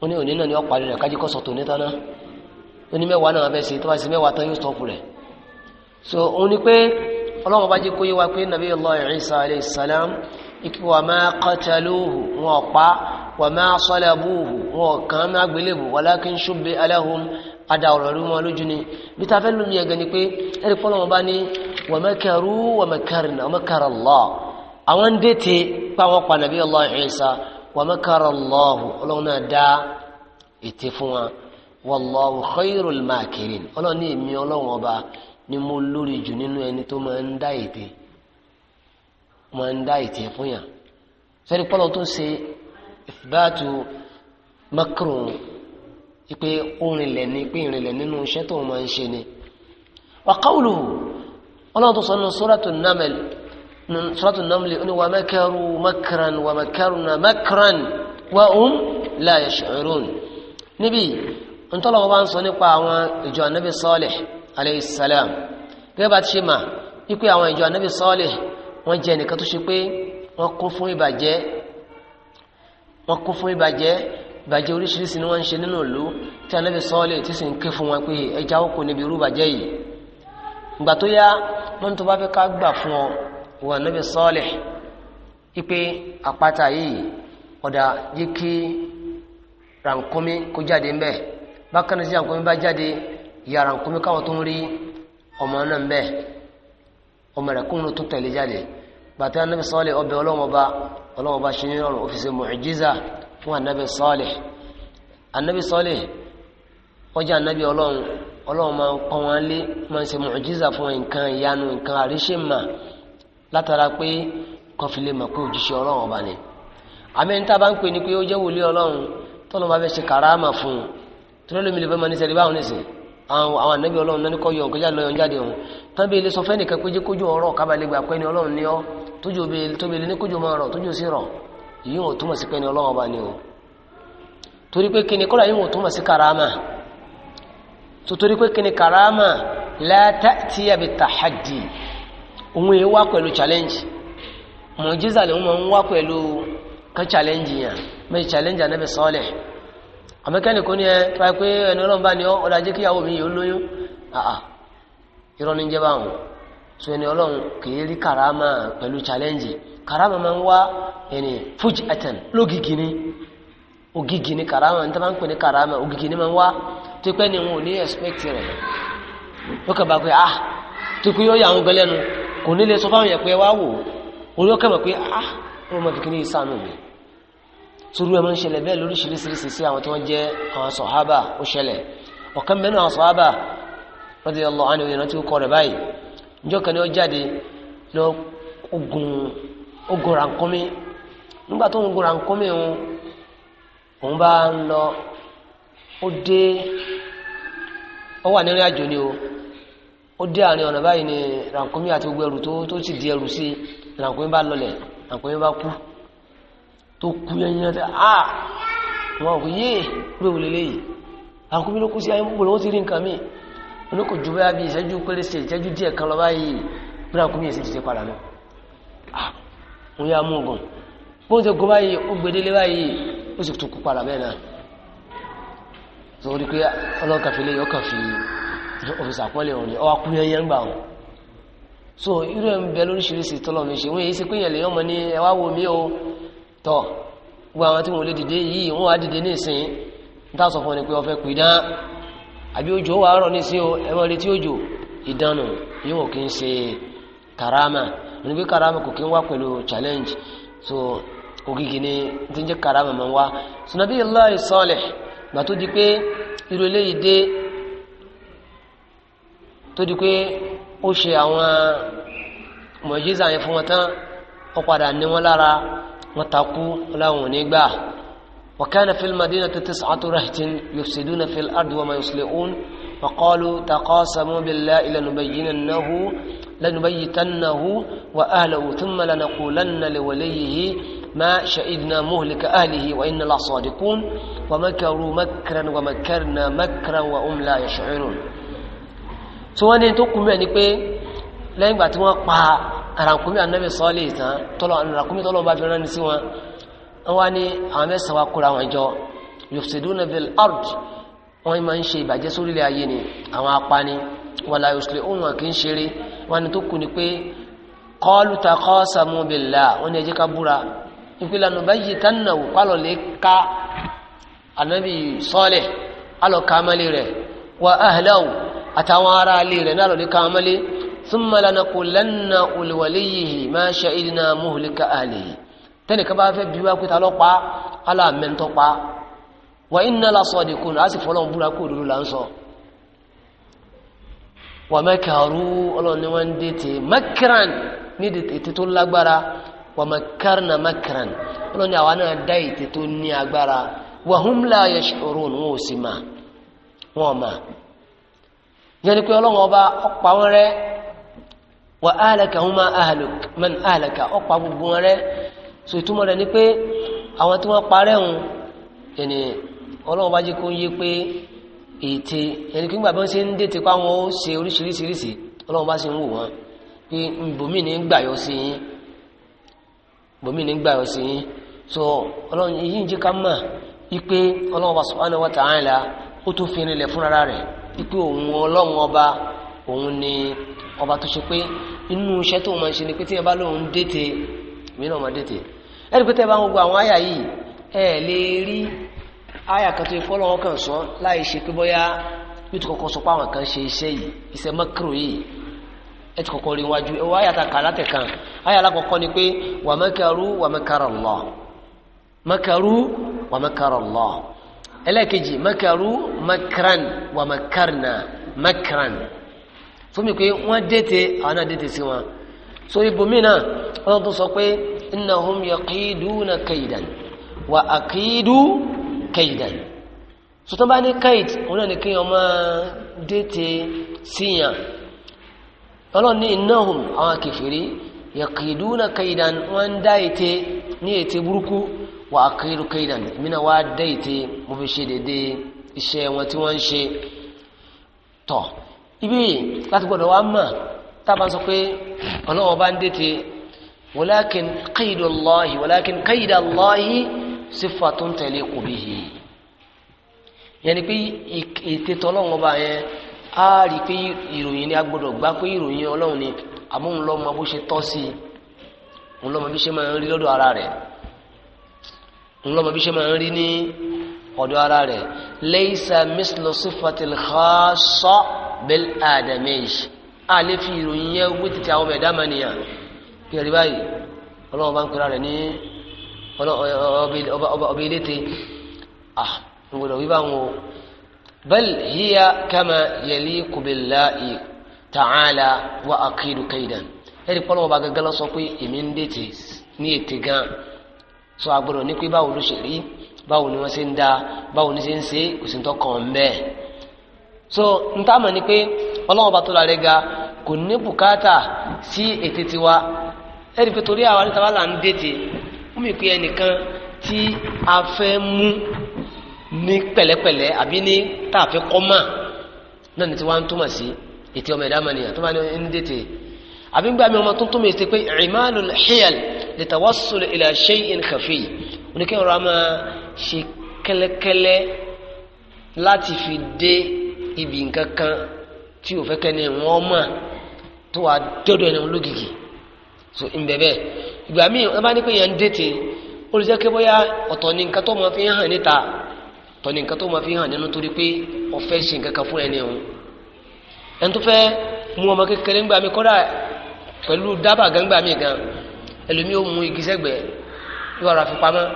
ó ní òní náà ni ó parí rẹ̀ kájí kọ́sọ̀ tòní tán náà ó ní mẹ́wàá náà bẹ́ẹ̀ sí tó bá sí mẹ́wàá tán yóò stọ́pù rẹ̀ so ó ní pé ọlọ́run bá jẹ́ kó yé wa pé Nabiyullah Isa alayhi salam ikú wa ma qataluhu wọn pa wa ma salabuhu wọn kàn án má ada ọ̀rọ̀ rí wọn lójú ni bí ta fẹ́ lómi ẹ̀gẹ́ ni pé ẹ̀rí pọ́lọ́ wọn bá ní wa makaru wa makarna wa makara Allah àwọn ń dètè pa wọn pa nàbí Allah Isa wa makara Allah ọlọ́run náà dá ètè fún wa wallahu khairul makirin ọlọ́run ní èmi ọlọ́run ọba ni mo tó ń dá ètè máa ń dá ètè ipe orinlẹ̀ ni pé ìrìnlẹ̀ nínú iṣẹ́ tó máa ń ṣe ni wa qawluhu ọlọ́run tó sọ nínú suratul naml suratul naml ó ní wa makaru makran wa makarna makran wa hum la yash'urun níbi ntọ́lọ́wọ́ bá ń sọ nípa àwọn ìjọ anábì Salih alayhi gẹ́gẹ́ bá ti ṣe mà ipe àwọn ìjọ anábì Salih wọ́n jẹ́ nìkan tó ṣe pé wọ́n kún fún ìbàjẹ́ ba oríṣiríṣi ni wọ́n ń ṣe nínú ìlú tí anábì sọ́ọ́lẹ̀ tí sì ń ké fún wọn pé ẹja ó kò níbi irú ìbàjẹ́ yìí ìgbà tó yá wọ́n tó bá fẹ́ ká gbà fún ọ wọn anábì sọ́ọ́lẹ̀ ipe àpáta yìí ọ̀dà yìí kí rànkómi kó jáde ńbẹ bákan náà rànkómi bá jáde ìyá rànkómi káwọn tó ń rí ọmọ náà ńbẹ ọmọ tó tẹ̀lé jáde sọ́ọ́lẹ̀ ọbẹ̀ ṣe ní fún anabi Salih anabi Salih ó jẹ́ anabi ọlọ́run ọlọ́run máa ń pọ́ wọn lé máa ń ṣe mọ̀jísà fún nǹkan ìyanu nǹkan àríṣèmà látara pé kọfílẹ̀ mọ̀ pé òjíṣẹ́ ọlọ́run ọba ni àmì ń tábà ń pè ní pé ó jẹ́ wòlíì ọlọ́run tọ́lọ́ máa fẹ́ ṣe kàráàmà fún un tọ́lọ́ lómi lè fẹ́ máa ní sẹ́rí báwọn nìsín àwọn ànábì ọlọ́run náà ní kọ́ yọ nǹkan jáde lọ́yọ̀ jáde ọ̀hún tán bí ilé sọ fẹ́ nìkan pé jẹ́ kójú ọ̀rọ̀ kábàlẹ̀ gbà ni ọlọ́run ní ọ́ tójú bí ilé ní kójú máa rọ̀ tójú sí rọ̀ yìí wọn túmọ̀ sí pé ní ọlọ́wọ́ bá ní o torí pé kíni kọ́lá yìí wọn túmọ̀ sí karama tó torí pé kíni karama la ta'tiya bi tahaddi òun wá pẹ̀lú challenge mọ̀jísà lè wọ́n wá pẹ̀lú kan challenge yẹn mẹ́jì challenge Ànábì Salih àmẹ́kẹ́ni kò ní ẹ tó wáyé pé ẹni ọlọ́run bá ní ọ̀dà jẹ́ kíyàwó mi yìí ó lóyún àà irọ́ ní jẹ́ báwọn so ẹni ọlọ́run kì í rí karama pẹ̀lú challenge karama ma ń wá ẹni fújìtàn lógìgì ni karama n ta ń pè karama ògìgì ni máa ń wá tó pẹ́ ni wọn ò ní ka ba kwe ah tó pé yóò yà àwọn gan lẹ́nu kò ní kwe sọ wo yẹn pé wá kwe ah wọn mọ̀ fìkìní ìsànù mi turu ẹ̀ máa lori ṣẹlẹ̀ siri lóríṣiríṣiríṣi awon àwọn tí radiyallahu anhu kan ni ó gun rànkúnmí nígbà tó ń gun rànkúnmí òun òun bá ń lọ ó dé ó wà nírìn àjò ni o ó dé àárín ọ̀nà báyìí ni rànkúnmí àti gbogbo ẹrù tó tó sì di ẹrù sí rànkúnmí bá lọlẹ̀ bá kú tó kú yẹn tẹ a wọn kò yé pé òun lélẹ́yìí rànkúnmí ló kú sí ayé gbogbo ti rí nǹkan mi ju bẹ́ẹ̀ bí ìṣẹ́jú ìṣẹ́jú díẹ̀ kan òun yà mú ogun bó ń ṣe gun báyìí ó gbedele báyìí ó sì tún kú padà bẹ́ẹ̀ náà tó pé fi ọ̀fíìsì àpọ́lẹ̀ òun ọwọ́ akú yẹn yẹn gbà so irú ẹ̀ ń bẹ lóríṣiríṣi tọ́lọ̀ mi ṣe wọ́n yìí ṣe pé yẹn lè yọmọ ní ẹ wo mi o tọ́ gbogbo àwọn tí wọn lè dìde yìí wọn wá dìde ní ìsìn ń tà sọ fún ọ ni pé ọ fẹ́ pè dán àbí òjò rọ̀ ní karama ẹni pé karama kò kí ń wá pẹ̀lú challenge so ògìgì ni ti ń jẹ́ karama máa ń wá sunabi allah Salih gbà tó di pé irú eléyìí dé tó di pé ó ṣe àwọn mọ̀jísà yẹn fún wọn tán ó padà ní wọn lára wọn takú láwọn ò ní gbà. وكان في المدينة تسعة رهط يفسدون في الأرض وما يصلحون فقالوا تقاسموا بالله لنبيننه لنبيتنه وأهله ثم لنقولن لوليه ما شهدنا مهلك أهله وإن وإنا لصادقون ومكروا مكرا ومكرنا مكرا وهم لا يشعرون سواء أن تقوم يعني بي لا يبقى تمقى أرانكم النبي صالح طلع أرانكم طلع بابنا نسوا أواني عمس وقرا وجو يفسدون في wọ́n máa ń ṣe ìbàjẹ́ sórílẹ̀ ayé ni àwọn apani wala yuslihun kì í ṣeré wọ́n ni tó kù ni pé qalu taqasamu billah wọ́n ni ẹjẹ́ ká búra ìpìlẹ̀ lanubayyitannahu pálọ̀ lè ká ànábì Salih alọ̀ kàmálẹ̀ rẹ̀ wa ahlahu àtàwọn ará alẹ́ rẹ̀ náà lọ́lẹ́ kàmálẹ̀ thumma lanaqulanna li waliyyihi ma shahidna muhlika ahlihi tẹ́nìkan bá fẹ́ bí wá pé lọ́pàá aláàmẹ́ntọ́pàá wa inna la sadiqun a sì fọ́lọ́n búra kó òdúró là ń sọ wa makaru ọlọ́ni wọ́n ń dètè makran ní ètè tó lágbára wa makarna makran ọlọ́ni àwa náà dá ètè tó ní agbára wa hum la yash'urun wọn ò sì mà wọn mà yẹni pé ọlọ́wọ́n ọba ọ̀pá wọn rẹ wa ahlaka huma man ahlaka ọ̀pá gbogbo wọn rẹ so rẹ ni pé àwọn tí wọ́n parẹ́ hùn yẹni ọlọ́run bá jẹ́ kó ń yé pé ète ẹni kí gbàgbọ́n ṣe ń dètè wọn ó ṣe oríṣiríṣiríṣi ọlọ́run bá ṣe ń wò wọ́n ní hmm, gbàyọ sí so ọlọ́run yìí ń jẹ́ ká mọ̀ wípé ọlọ́run bá subhanahu ó fi rinlẹ̀ fúnra rẹ̀ wípé ọba òun ni ọba tó ṣe pé inú iṣẹ́ tó máa ń ṣe ni pé bá lóun mí náà àyà kan tó yẹ fọlọ́wọ́ kan sọ láì ṣe pé bóyá yóò ti kọ́kọ́ sọ pé àwọn kan ṣe iṣẹ́ yìí iṣẹ́ mọ́kìrò yìí ẹ ti kọ́kọ́ rí wájú ẹ wọ àyà ta kàlá tẹ̀ àyà alákọ̀ọ́kọ́ ni pé wa makaru wa makara Allah makaru wa makara Allah ẹlẹ́ẹ̀kejì makaru makran wa makarna makran fún mi pé wọ́n dẹ́tẹ̀ àwọn náà dẹ́tẹ̀ sí wọn so ibòmínà wọ́n tún sọ pé innahum yaqiduna kaidan wa aqidu kaidan so tó bá ní kaid òun náà ni kí ọmọ déètì síyàn ọlọ́ni innahum àwọn kèfèrí yaqiduna kaidan wọ́n ń dá ète ní ète burúkú wà aqidu kaidan ìmìnà wá dá ète mo fi ṣe dédé iṣẹ́ wọn tí wọ́n ń ṣe tọ̀ ibi láti gbọ́dọ̀ wá mọ̀ tábà sọ pé ọlọ́wọ́ bá ń déètì walakin qaidallahi walakin sífà tó ń tẹ̀lé kò bí yìí yẹn ni pé ètè tọ́lọ́run ọba yẹn á rí i pé ìròyìn ni a gbọ́dọ̀ gbá pé ìròyìn ọlọ́run ni àmóhun lọ́mọ bó ṣe tọ́ sí i òun lọ́mọ bí ṣe máa ń rí lọ́dọ̀ ara rẹ̀ òun lọ́mọ bí ṣe máa ń rí ní ọ̀dọ̀ ara rẹ̀ laysa mislu sifatil khassa bil adamish a lè fi ìròyìn yẹn wí títí àwọn ọmọ ẹ̀dá mọ́niyàn kí ẹ̀rí báyìí ọlọ́run bá ń pera rẹ̀ ní ọba iléte ah n gbọdọ̀ wí báwọn o bal hiya kama yaliqu billahi ta'ala wa aqidu kaidan ẹ̀rí pọ́nlọ́wọ́ bá gẹ́gẹ́ lọ sọ pé èmi ń dètè ní ètè gan sọ agbọdọ̀ ní pé báwo ló ṣe rí ni wọ́n ṣe ń da báwo ni ṣe ń ṣe kò sí ń tọkàn so n tá mọ̀ ni pé ọlọ́wọ́ bá tó la rẹ̀ ga kò ní bùkátà sí ètè tiwa ẹ̀rí pé torí àwa níta wà là fún mi pé ẹnìkan tí a fẹ́ mú ní pẹ̀lẹ́pẹ̀lẹ́ àbí ní tá a fẹ́ kọ́ mà náà ní tí wọ́n á túmọ̀ sí ètí ọmọ ẹ̀dá mọ̀nìyàn tó bá ní ní dètè àbí gbà mí ọmọ tó ń túmọ̀ ètè pé ìmáàlù hiyal lè tawassul ila shay'in khafi oníkẹ́yìn ọ̀rọ̀ a máa ṣe kẹ́lẹ́kẹ́lẹ́ láti fi dé ibi nǹkan kan tí o fẹ́ kẹ́ni wọ́n mọ̀ tó wà dọ́dọ̀ ẹni ológìkì so ń bẹ̀ bẹ́ẹ̀ ìgbà míì wọ́n bá ní pé yẹn ń dètè ó lè jẹ́ pé bóyá ọ̀tọ̀ ni nǹkan tó máa fi hàn níta ọ̀tọ̀ ni nǹkan tó máa fi hàn nínú torí pé ọ̀fẹ́ ṣe nǹkan kan fún ẹni òun ẹni tó fẹ́ mú ọmọ kékeré ńgbà mi kọ́dà pẹ̀lú dábà gángbà mi gan ẹlòmíì ó mú igi sẹ́gbẹ̀ẹ́ yóò ara fi pamọ́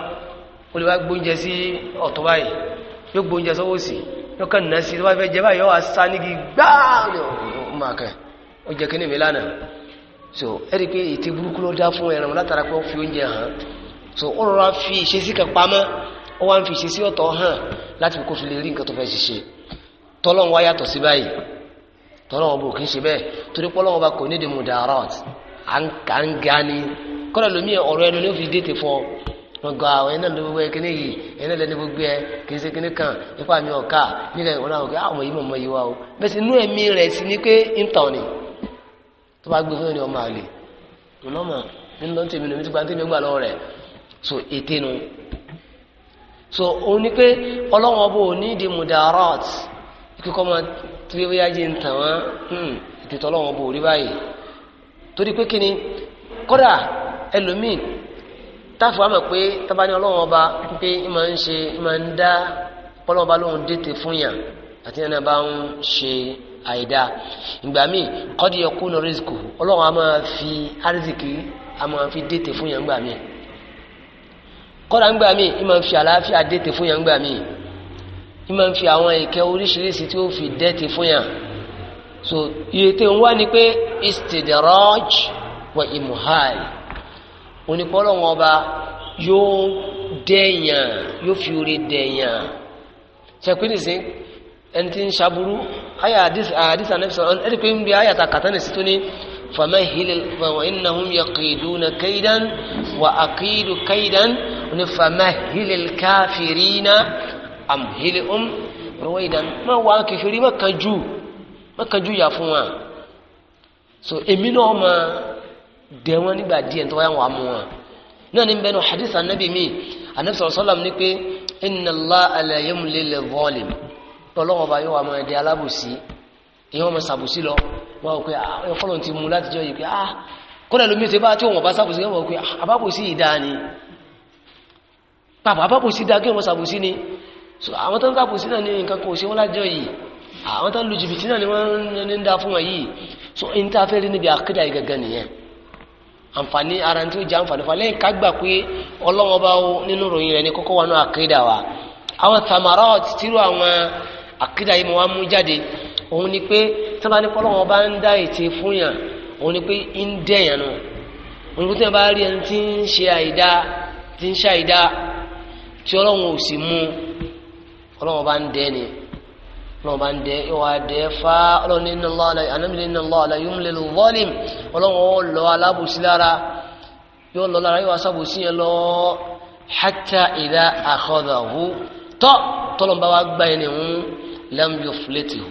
ó lè wá gbóúnjẹ sí ọ̀tọ̀ báyìí yóò gbóúnjẹ sọ́wọ́ sí yóò kàn ná sí tó bá fẹ́ jẹ báyìí yóò wá sá nígi gbáà ó jẹ kí mi lánàá so ẹ̀rí pé ètè burúkú ló dá fún ẹran látara pé ó fi oúnjẹ hàn so ó rọra fi ìṣesí kan pamọ́ ó wá ń fi ìṣesí ọ̀tọ̀ hàn láti kó fi lè rí nǹkan tó fẹ́ ṣiṣẹ́ tọ́lọ́n wá yàtọ̀ sí báyìí tọ́lọ́n ọba òkè ṣe bẹ́ẹ̀ torí pọ́lọ́n ọba kò ní ìdìmú dàrọ́t à ń ga ni kọ́lá lómi ọ̀rọ̀ ẹnu ló fi déètè fọ gbọ̀ngàn àwọn ẹ̀nà ló wẹ́ kíní yìí ẹ̀nà lẹ́ni gbogbo ẹ̀ kì í ṣe kíní kan nípa mi ọ̀ka nígbà ìwọ̀n náà wọ́n kí àwọn yìí mọ̀ mọ́ yìí wá o bẹ́ẹ̀ sì inú ẹ̀mí rẹ̀ sí ni pé ń ni tó bá gbé fún mi ni ọmọ àlè ìlọ́mọ nínú tèmi lèmi ti gba tèmi gbà lọ́wọ́ rẹ̀ so ète nu so òun ni pé ọlọ́wọ́n bò ní di mudarat kíkọ́ máa tí ó yá jẹ́ ń tàn wọ́n hmm, ètò tọ́lọ́wọ́n bò rí báyìí torí pé kí ni kódà ẹlòmíì táfù àmọ̀ pé tábàní ọlọ́wọ́n ọba pé ìmọ̀ ń ṣe ìmọ̀ ń dá ọlọ́wọ́n ọba lóhun dètè fún yàn àti ẹni bá ń ṣe àìdá ìgbà míì kọ́dí ẹkú lọ rìsíkù ọlọ́run a máa fi àrísìkì a máa fi dètè fún yẹn gbà míì kọ́dà ń gbà míì ì máa fi àlàáfíà dètè fún yẹn gbà míì ì máa fi àwọn ìkẹ́ oríṣiríṣi tí ó fi dètè fún yẹn so iye tí ń wá ni pé istidraj wa imuhal onípọ́lọ́ wọn ọba yóò dẹ̀yàn yóò fi orí dẹ̀yàn ṣe pé ẹni tí ń ṣaburú ayé àdìs ànẹ́bí sọ̀rọ̀ ẹni pé ń bí ayé àtàkàtàn sí tó ní famahilil wa innahum yaqiduna kaidan wa aqidu kaidan ní famahilil káfìrínà amhilhum rọwẹ́dàn má wà kẹfìrí má kanjú má kanjú yà fún wa so èmi náà ma dẹ̀ wọ́n nígbà díẹ̀ tó wáyà wà mú wọn náà ní bẹnu hadith ànẹ́bí mi ànẹ́bí sọ̀rọ̀ sọ́lá ní pé inna Allah la yamli lil zalim tọ́lọ́wọ́ bá yóò wà máa di alábòsí èyàn máa sàbòsí lọ wọ́n wọ́n pé ọkọ̀lọ́n ah, ti mú láti jọ yìí pé ah kọ́lẹ̀ lómi ṣe bá tí òun ọba sàbòsí wọ́n pé àbábòsí ah, ìdá ni pàpà àbábòsí dá kí wọ́n sàbòsí ni àwọn tó ń sàbòsí náà ní nǹkan kò sí wọ́n lájọ yìí àwọn tó ń lu jìbìtì náà ni wọ́n ń dá fún wọn yìí so n ta fẹ́ rí níbi àkídà yìí gẹ́gẹ́ nìyẹn àǹfààní ara tí ó jẹ́ àǹfààní fún wa lẹ́yìn ká gbà pé ọlọ́wọ́n bá nínú ìròyìn rẹ̀ ní kókó wa náà àkídà wa àwọn tamarọ́ọ̀tì tírú àwọn àkídà yìí mo wá mú jáde òun ni pé tí wọn bá ní kọ́lọ́wọ́n bá ń dá ète fún yàn òun ni pé ń dẹ̀yàn nù òun ni pé tí wọn bá rí ẹni tí ń ṣe àìdá tí ń ṣe àìdá tí ọlọ́wọ́n ò sì mú ọlọ́wọ́n bá ń dẹ́ ni ọlọ́wọ́n bá ń dẹ́ ìwà dẹ́ fa ọlọ́wọ́n iná lọ́la anamílẹ̀ iná lọ́la yóò múlẹ̀ lọ vọ́ọ̀lìm ọlọ́wọ́n lọ alábòsí lára yóò lọ lára yóò wá sábòsí yẹn lọ hátà ìdá àkọ́dà tọ́ tọ́lọ́mbà lam yuflituhu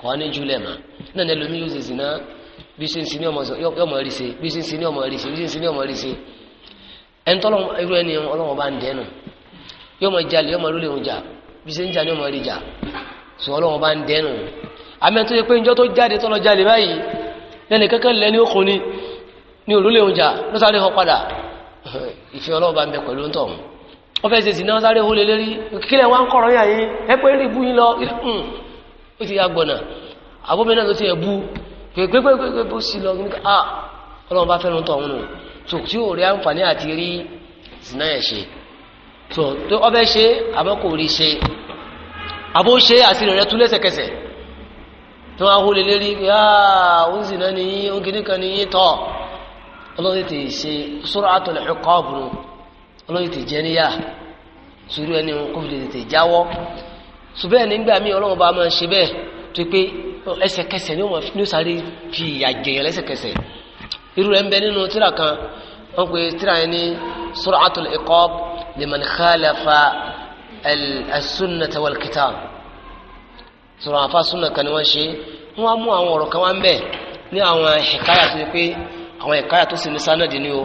kọ́ ní júlẹ̀ mà náà ní ẹlòmí yóò ṣèṣì náà bí ṣe ń sin ní ọmọ rí se? bí ṣe ń sin ní ọmọ rí ṣe bí ṣe ń sin ní ọmọ rí ṣe ẹni tọ́lọ́ irú ẹni ọlọ́wọ́ bá ń dẹnu yóò mọ jalè yóò mọ lólè òun jà bí ṣe ń jà ní ọmọ rí jà sọ ọlọ́wọ́ bá ń dẹnu àmì tó yẹ pé njọ́ tó jáde tọ́lọ́ jalè báyìí lẹ́nu kankan lẹ́ni òkun ni ní òlólè òun jà lọ́sàdé wọ́n fẹ́ ṣe sí náà sáré hólé lérí kílẹ̀ wá ń kọ̀rọ̀ yà yín ẹ pé rí ibú yín lọ hmm. ó ti ya gbọ̀nà àbómi náà ló ti ẹ̀bú pépépépé bó sì lọ nípa ah ọlọ́run bá fẹ́ràn tó ọ̀hún nù tó tí ò rí àǹfààní àti rí zina yẹn ṣe tó tó ọbẹ̀ ṣe àbọ̀ kò rí ṣe àbó ṣe àṣírí rẹ̀ tú lẹ́sẹ̀kẹsẹ̀ tó wá hólé lérí ah ó ń zina nìyí olóyè tè jẹ́ níyà sùúrù ẹni kó fi lè tètè jáwọ́ ṣùgbọ́n nígbà míì ọlọ́run bá máa ń ṣe bẹ́ẹ̀ tó pé ẹsẹ̀kẹsẹ̀ ni ó sáré fi ìyà jẹyàn lẹ́sẹ̀kẹsẹ̀ irú rẹ̀ ń bẹ nínú tíra kan wọ́n pe tíra yẹn ní suratul iqab liman khalafa as-sunnata wal kitab sọ̀rọ̀ àfa súnà kan ni wọ́n ṣe wọ́n mú àwọn ọ̀rọ̀ kan wá ń bẹ̀ ní àwọn ìkáyà tó ṣe pé àwọn ìkáyà tó sì ní sánàdì ni o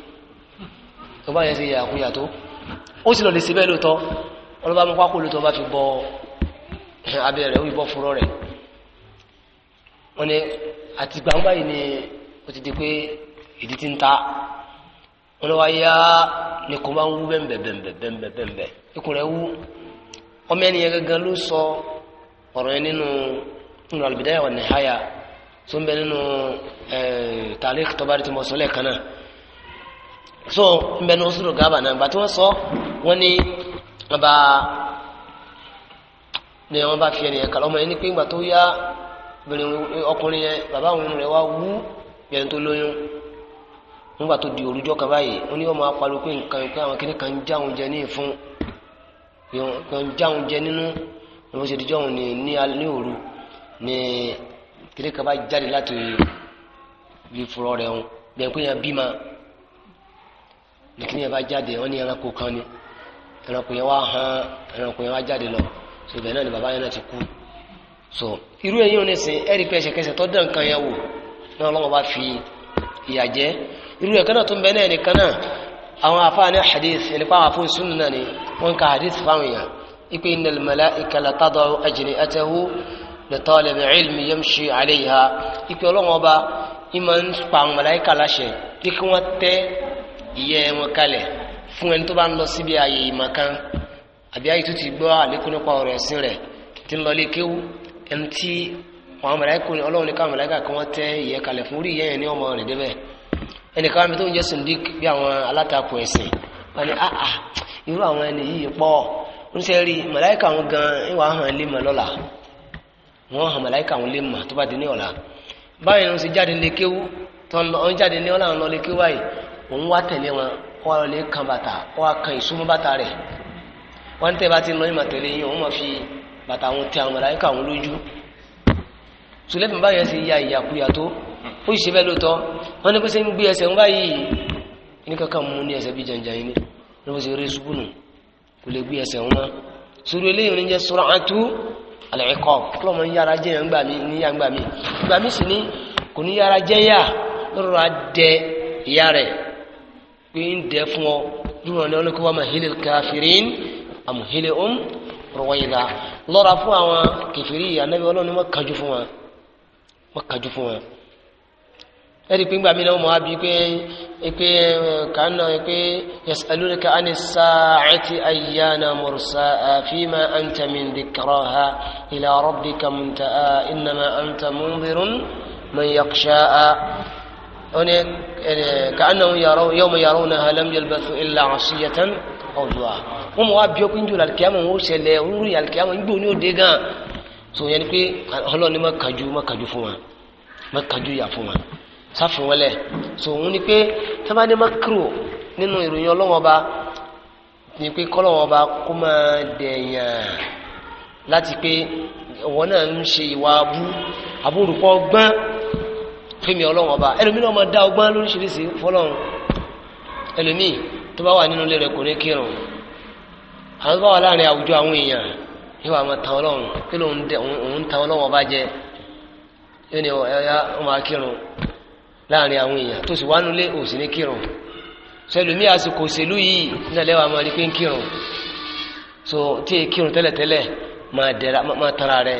tó bá yẹn ṣe yàkúyà tó ó sì lọ lè ṣe bẹ́ẹ̀ lóòótọ́ ọlọ́ba mú pákó lóòótọ́ bá fi bọ abẹ́ rẹ̀ ó yìnbọn fúnrọ́ rẹ̀ wọ́n ní àti gbangba yìí ni ó ti di pé ìdí ti ń ta wọ́n lọ́wọ́ yá ni kò máa ń wú bẹ́ẹ̀ bẹ́ẹ̀ bẹ́ẹ̀ bẹ́ẹ̀ ikùn rẹ̀ wú ọmọ ẹni yẹn gẹ́gẹ́ ló sọ ọ̀rọ̀ yẹn nínú nínú al-Bidaya wa an tó ń bẹ nínú eh, tàlíkì so mbẹnu sùrù gaba náà gbà tí wọ́n sọ wọ́n ní wọ́n bá ní wọ́n bá fi ẹnìyẹn kàlọ́ ọmọ yẹn ní pé ìgbà tó yá ọkùnrin yẹn bàbá òun rẹ̀ wá wú yẹn tó lóyún nígbà tó di òrùjọ́ kan báyìí wọ́n ní wọ́n máa pariwo pé nǹkan pé àwọn kìnnìkan ń jáwọn jẹ ní ìfún kan jáwọn jẹ nínú ni wọ́n ṣe dijọ́ òun ní ní òru ní kìnnìkan bá jáde láti ibi fúrọ́ rẹ̀ wọn bẹ́ẹ̀ pé yẹn bímọ bìkínì yẹn bá jáde wọ́n ní ẹranko kan ni ẹranko yẹn wá hàn ẹranko yẹn wá jáde lọ so bẹ́ẹ̀ náà ni bàbá yẹn náà ti kú so irú ẹ̀yìn òní sìn ẹ̀rí pé ẹsẹ̀kẹsẹ̀ tó dán nǹkan yẹn wò náà ọlọ́wọ́ fi ìyà jẹ́ irú ẹ̀kan náà tó ń bẹ náà nìkan náà àwọn afáàní hadith ẹni pa àwọn afúnṣun náà ni wọ́n ka hadith fáwọn èèyàn ipe innal malaika la tada'u ajnihatahu li ìyẹ́ wọn kalẹ̀ fún ẹni tó bá ń lọ síbi ààyè ìmọ̀ àbí tó ti gbọ́ àlékún nípa ọ̀rọ̀ lọ lé kéwú ẹni tí àwọn mẹ̀láìkò ọlọ́run ní káwọn mẹ̀láìkà kan kalẹ̀ fún orí ìyẹ́ ní ọmọ rẹ̀ débẹ̀ ẹnì kan mi tó ń jẹ́ sùndík bí àwọn alátakò ẹ̀sìn wọn ni irú àwọn ẹni yìí pọ̀ ń rí mẹ̀láìkà wọn gan ìwà hàn lọ́la wọn hàn mẹ̀láìkà wọn tó bá di ní ọ̀la báyìí ló òun wá tẹ̀lé wọn wọ́n lọ lè kan bàtà wọ́n á kan ìsúnmọ́ bàtà rẹ̀ wọ́n tẹ́ bá ti lọ ìmọ̀ tẹ̀lé yín òun máa fi bàtà àwọn tí àwọn màláíkà àwọn lójú sùlẹ́fì báyẹn sì ya ìyàkuyà tó ó sì bẹ́ẹ̀ lóòótọ́ wọ́n ní pé ṣe ń gbé ẹsẹ̀ ń báyìí ní kankan mú ní ẹsẹ̀ bí jàǹjà yìí ni wọ́n sì rí ṣubú nù kò lè gbé ẹsẹ̀ wọn sùrù eléyìí ní jẹ́ sọ́rọ̀ àtú àlẹ́kọ̀ kílọ̀ mọ́ yára jẹ́ yàn gbà ní yàn gbà mí sì ní kò ní yára jẹ́ yà lọ́rọ̀ adẹ ìyá rẹ̀ pé ń dẹ fún ọ lóòrùn ní ọlọ́kọ́ wa mahilil káfírin amuhilil um rọwọ́yìnlá lọ́ra fún àwọn kẹfìrí ànábi ọlọ́run wọ́n kájú fún wọn wọ́n kájú fún wọn ẹ̀rí pé ńgbà mí náà mọ̀ á bí pé pé kàánà pé yasalunaka ani sa'ati ayyana mursa'a fima anta min dhikraha ila rabbika muntaha innama anta munzirun man yakhsha'a أني كأنهم يرون يوم يرونها لم يلبثوا إلا عشية أو ضحاها wọ́n mọ̀ wá bí ọkùnrin jù lálùkìyàmọ̀ wọ́n ṣẹlẹ̀ orí àlùkìyàmọ̀ nígbò ní òde gan so yẹn ni pé ọlọ́ọ̀ni má kàjú má kàjú fún wa má kàjú yà fún wa sáfún wọlé so òun ni pé sábàdé má kúrò nínú ìròyìn ọlọ́wọ́n ni pé kọ́lọ́wọ́n ọba kó láti pé ìwọ náà ń ṣe ìwà abú abúrúkọ gbọ́n fíìmì ọlọ́wọ́n ọba ẹlòmíì náà máa dá ọgbọ́n lóríṣiríṣi fọlọ́run ẹlòmíì tó bá wà nínú ilé rẹ kò ní kírun àwọn tó bá láàrin àwùjọ àwọn èèyàn yóò wà ta ọlọ́run kí ló ń ta ọba jẹ yóò ní ọ̀yá láàrin àwọn èèyàn tó sì wá ò ní kírun sọ ẹlòmíì àsìkò òṣèlú yìí wà máa rí pé ń kírun tí kírun tẹ́lẹ̀tẹ́lẹ̀ tara rẹ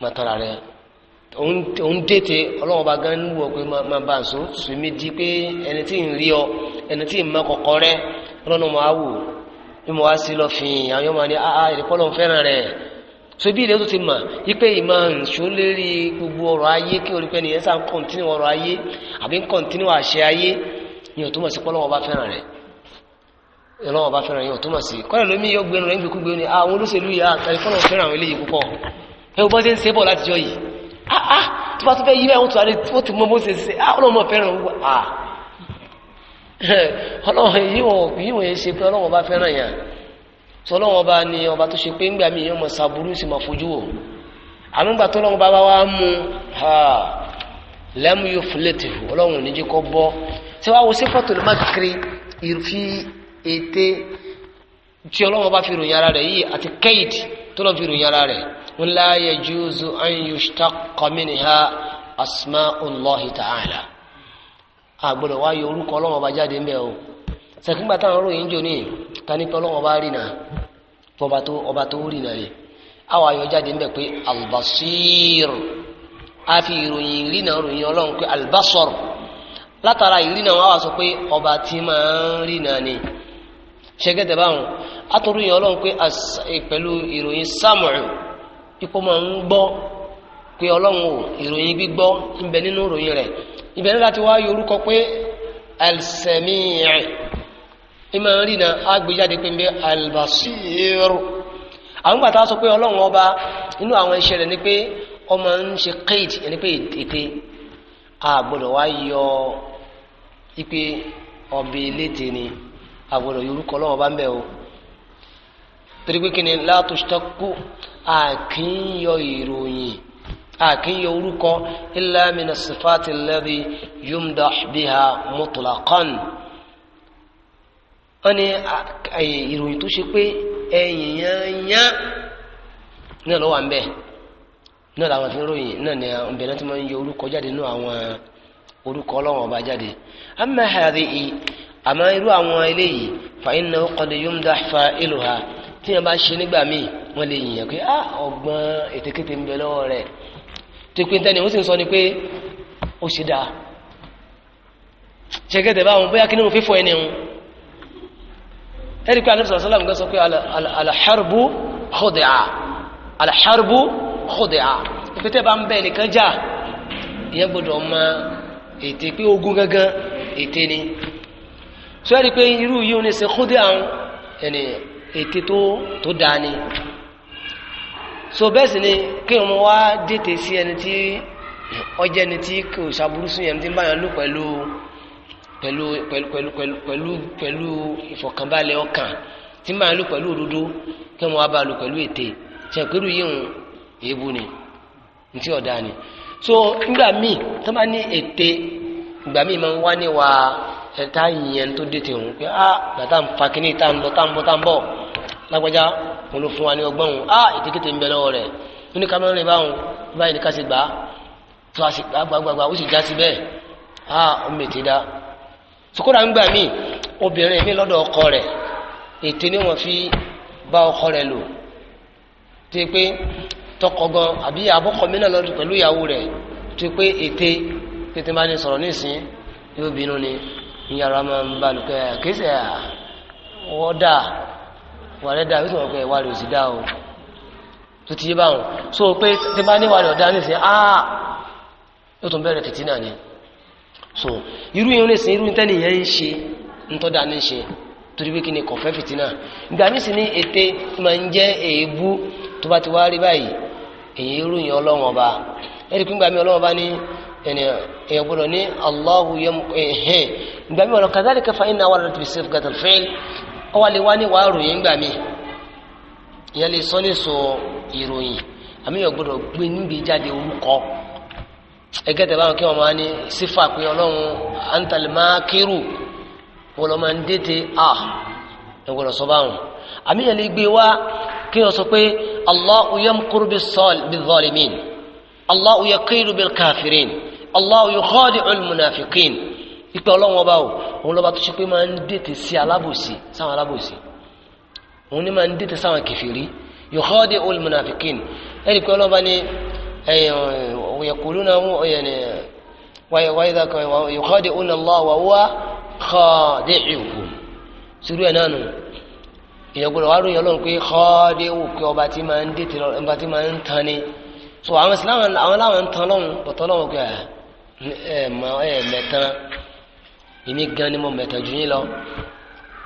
máa tara rẹ. òun dètè ọlọ́wọ́ bá gan níwọ̀ pé máa bá sùn sùnmí di pé ẹni tí ń rí ọ ẹni tí ń mọ kọ̀kọ́ rẹ ọlọ́nà máa wò ní mo wá sí lọ fi àwọn yọmọ ní àá ìrìkọ́lọ́ fẹ́ràn rẹ̀ so bí ilé tó ti mà wípé ìmọ̀ nsọ lérí gbogbo ọ̀rọ̀ ayé kí orí pẹ́ni ẹ̀sà ń kọ̀ntínú ọ̀rọ̀ ayé àbí ń kọ̀ntínú àṣẹ ayé ni ò túmọ̀ sí pọ́lọ́wọ́ bá fẹ́ràn rẹ̀ ọlọ́wọ́ bá fẹ́ràn yóò túmọ̀ sí kọ́lẹ̀ lómi yóò gbẹnu rẹ̀ ń gbẹkúgbẹ ní àwọn olóṣèlú yà àtàrí fọ́lọ́wọ́ fẹ́ràn àwọn eléyìí púpọ̀ ẹ bọ́ sí ń ṣe bọ̀ láti jọ yìí ah ah tó bá tó fẹ́ yí báyìí wọ́n tó àrí tó tó mọ́ bó ṣe ṣe ah ọlọ́mọ fẹ́ràn wà ah ọlọ́wọ́ yìí wọ́n ṣe pé ọlọ́wọ́ bá fẹ́ràn yàn tó ọlọ́wọ́ bá ní ọba tó ṣe pé ńgbà mí yọmọ sàbúrú sì máa fojú wò àmúgbà tó ọlọ́wọ́ bá bá wá mú ha lẹ́mú yóò fúlẹ̀tì ọlọ́wọ́ níjí kọ́ bọ́ tí wàá wo sí fọ́tò ló má kiri ìfi ète tí ọlọ́wọ́ bá fi ròyìn ara rẹ̀ yìí àti kẹ́yìd tó lọ́ fi ròyìn ara rẹ̀ ولا يجوز an يشتق ha أسماء الله تعالى agbọ́dọ̀ wá yọ orúkọ Ọlọ́run ọba jáde ń o sẹkúngbà ọrụ olóyìn jò ní ta Ọlọ́run ọba rìnà fọba tó ọba tó rìnà rẹ̀ àwọn jáde ń pé albasir a fi ìròyìn rìnà ròyìn Ọlọ́run pé albasor látara ìrìnà wọn a wà sọ pé ọba tí máa ikú máa ń gbọ́ pé ọlọ́run ò ìròyìn gbígbọ́ ń bẹ nínú ìròyìn rẹ̀ ibẹ̀ nígbà tí wàá yọ orúkọ pé al-Sami' ìmọ̀ rí na agbèjáde pé ń bẹ al-Basir àwọn gbàtà sọ pé ọlọ́run ọba inú àwọn iṣẹ́ ni pé ọmọ ń ṣe kéèjì ẹni pé ète àgbọ̀dọ̀ wá yọ ipe ọbẹ̀ eléte ni àgbọ̀dọ̀ yorùkọ ọlọ́run ọba ń bẹ o torí pé kí ni la tushtaku a kì í yọ ìròyìn a kì í yọ orúkọ illa min as-sifati allati yumdah biha mutlaqan wọ́n ní ìròyìn tó ṣe pé ẹ̀yìn yányá náà ló wà ń bẹ̀ náà làwọn fi ń ròyìn náà ni ọ̀bẹ̀ náà ti máa ń yọ orúkọ jáde nínú àwọn orúkọ ọlọ́wọ́n ọba jáde amma hadhihi àmọ́ irú àwọn eléyìí fa innahu qad yumdah fa'iluha tí yẹn bá ṣe nígbà míì wọ́n lè yìnyẹn pé ah ọgbọ́n ètekéte ń bẹ lọ́wọ́ rẹ̀ tó pé tẹ́ni wọ́n sì ń sọ ni pé ó ṣe dáa ṣẹ́gẹ́tẹ̀ báwọn bóyá kí nínú fífọ́ ẹni hun ẹ̀rí pé alẹ́ sọ̀rọ̀ sọ́làmù gan sọ pé alàhárùbù kọ́dẹ̀á alàhárùbù kọ́dẹ̀á ìpẹ́tẹ́ bá ń bẹ nìkan jà ìyẹn gbọ́dọ̀ mọ ète pé ogun gangan ète ni sọ ẹ̀rí pé irú yìí ó ní ṣe kọ́dẹ̀á ẹnìyàn ète tó tó dáa ni so bẹ́ẹ̀ sì ni kí ọmọ wa dètè sí ẹni tí ọjẹ́ ẹni tí kò ṣàbúrú sí ẹni tí ń báyọ̀ lò pẹ̀lú pẹ̀lú pẹ̀lú pẹ̀lú pẹ̀lú ìfọ̀kànbalẹ̀ ọkàn tí ń báyọ̀ lò pẹ̀lú òdodo kí ọmọ wa bá lò pẹ̀lú ète ṣe pẹ̀lú yíyún èébú ni ntí ọ̀dà ni so nígbà míì tó bá ní ète ìgbà míì máa ń wá níwàá ẹ̀ta yẹn tó dé ti pé ah bàtà ń fa kínní tá ń lọ tá ń bọ́ tá ń bọ̀ lágbájá òun ló fún wa ní ọgbọ́n òun ah ìtìkìtì ń bẹ lọ́wọ́ rẹ̀ nínú kámẹ́rà rẹ̀ báwọn báyìí ní ká sì gbà á tó a sì gbà gbàgbàgbà ó sì já sí bẹ́ẹ̀ ah ó mètè dá sukura ń gbà mí obìnrin mi lọ́dọ̀ ọkọ rẹ̀ ètè ni wọ́n fi bá ọkọ rẹ̀ lò tó yẹ pé tọkọ gan àbí abọ́kọ mi náà lọ́dún pẹ̀lú ìyàwó rẹ̀ tó pé ètè tètè máa ní sọ̀rọ̀ nísìnyí yóò bínú ni ìyára máa ń bá lùkẹ́ kéṣẹ́ à wọ́n dà wà rẹ̀ dà wíṣọ wọn pé ìwà rẹ̀ ò o tó ti yé báwọn so pé tí bá níwà rẹ̀ ọ̀dá nísìn áà ó tún bẹ̀rẹ̀ fìtínà ni so irú yẹn sin irú tẹ́lẹ̀ yẹn ń ṣe ń tọ́ da ní ṣe torí pé kí ni kò fẹ́ fìtínà ìgbà nísìn ní ète máa ń jẹ́ èébú tó bá ti wá rí báyìí èyí irú yẹn ọlọ́wọ́n ọba ẹ̀rí pé gbà mí ọlọ́wọ́n ọba ní èèyàn gbọ́dọ̀ ní Allahu ẹ̀hẹ́ ìgbà mi wọ̀nà kazalika fa iná wàlúù tìbí sèf gàtà fẹ́ẹ́l ọwọ́ lè wá ní wàá ròyìn gbà mí ìyẹn lè sọ ní sọ ìròyìn àmì èèyàn gbọ́dọ̀ gbé níbi jáde orúkọ ẹgẹ́ tẹ̀ báwọn kí wọ́n máa ní sífà pé ọlọ́run antalimakiru wọ́n lọ́ máa ń dẹ́tẹ̀ a ẹgbọ́dọ̀ sọ báwọn àmì èèyàn lè gbé wá kí wọ́n sọ pé Allahu yamkuru bi zalimin Allahu yaqilu bil kafirin. Allahu yukhadi'ul munafiqin ìpè ọlọ́wọ́n bá o òun lọ́ba tó ṣe pé máa ń dètè sí alábòsí sáwọn alábòsí òun ni máa ń dètè sáwọn kẹfìrí yukhadi'ul munafiqin ẹ̀rí pé ọlọ́ba ni yaquluna yukhadi'una Allah wa huwa khadi'uhum sùúrù ẹ̀ náà nù èèyàn gbọ́dọ̀ wá ròyìn ọlọ́run pé khadi'u pé ọba tí máa ń dètè ọba tí máa ń tan ni so àwọn islam àwọn láwọn ń tan lọ́run pọ̀tọ́ lọ́run pé ẹ̀ ẹ mọ ẹ mẹtàn èmi gan ni mo mẹtàn ju yín lọ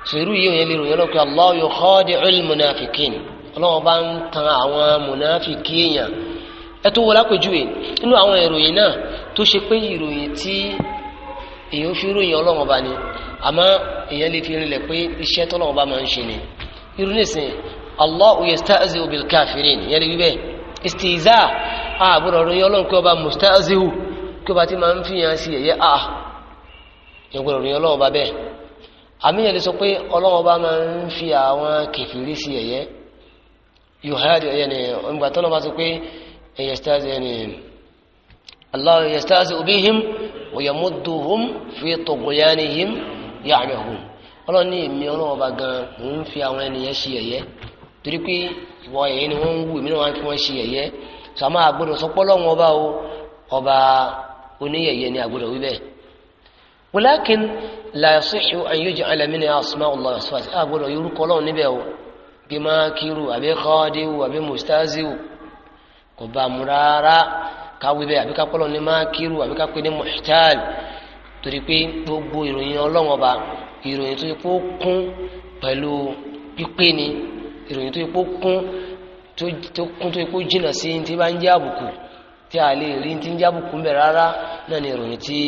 sùúrù yìí òye lè ròyìn lọ́kọ̀ Allahu yukhadi'ul munafiqin ọlọ́wọ́n bá ń tan àwọn mùnàfìkì èèyàn ẹ tó wọlé àpèjúwe nínú àwọn ìròyìn náà tó ṣe pé ìròyìn tí èèyàn fi ròyìn ọlọ́wọ́n bá ní àmọ́ èèyàn lè fi rinlẹ̀ pé iṣẹ́ tọ́lọ́wọ́n bá máa ń ṣe ni irú nísìnyí Allahu yastahzi'u bil kafirin yẹn lè rí bẹ́ẹ̀ istihza àbúrò ròyìn ọlọ́run pé ọba mustahzi'u kí ọba tí máa ń fìyàn sí ẹ̀yẹ a yẹn gbọ́dọ̀ ròyìn ọlọ́wọ́ bá bẹ́ẹ̀ àmì yẹn lè sọ pé ọlọ́wọ́ bá máa ń fi àwọn kẹfìrí sí ẹ̀yẹ yòháyàdì ẹ̀yẹ ni ọgbà tọ́lọ́ bá sọ pé ẹ̀yẹ stars ẹ̀yẹ ni Allah yastahzi bihim wa yamudduhum fi tughyanihim ya'mahun ọlọ́run ní èmi ọlọ́wọ́ bá gan mò ń fi àwọn ènìyàn sí ẹ̀yẹ torí pé ìwọ ẹ̀yẹ ni wọ́n ń wù mí náà wọ́n fi wọ́n sí ẹ̀yẹ sọ oníyẹ̀yẹ ni àgbọ̀dọ̀ wíbẹ̀ walakin la yasihu an yuj'ala minha asma Allah asfas àgbọ̀dọ̀ yorùkọ lọ́wọ́ níbẹ̀ o bí mákìrù àbí khadiu àbí mustaziu kò bá mu rárá káwíbẹ̀ àbí kápọ́lọ́ ní mákìrù àbí kápẹ́ ní muhtal torí pé gbogbo ìròyìn Ọlọ́run Ọba ìròyìn tó yẹ kó kún pẹ̀lú pípé ni ìròyìn tó yẹ kó kún tó kún tó yẹ kó jìnnà sí ti bá ń jẹ́ àbùkù tí a lè rí tí ń jábù kúnbẹ̀ rárá náà ni ìròyìn tí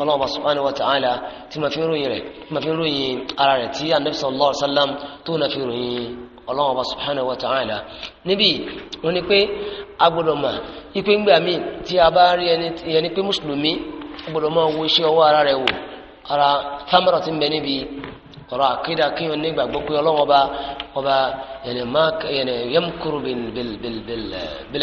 Allah subhanahu wa ta'ala tí ma fi ròyìn rẹ̀ tí ma fi ròyìn ara rẹ̀ tí anabi sallallahu alaihi wasallam tó na fi ròyìn Allah subhanahu wa ta'ala níbi wọn ni pé a gbọdọ̀ mà ipe ń gbà mí tí a bá rí ẹni pé mùsùlùmí a gbọdọ̀ máa wo iṣẹ́ ọwọ́ ara rẹ̀ wò ara támọ̀rọ̀ ti ń níbi ọ̀rọ̀ àkídà kí wọn nígbàgbọ́ pé ọlọ́wọ́ ọba yẹn yẹmkuru bil bil bil bil bil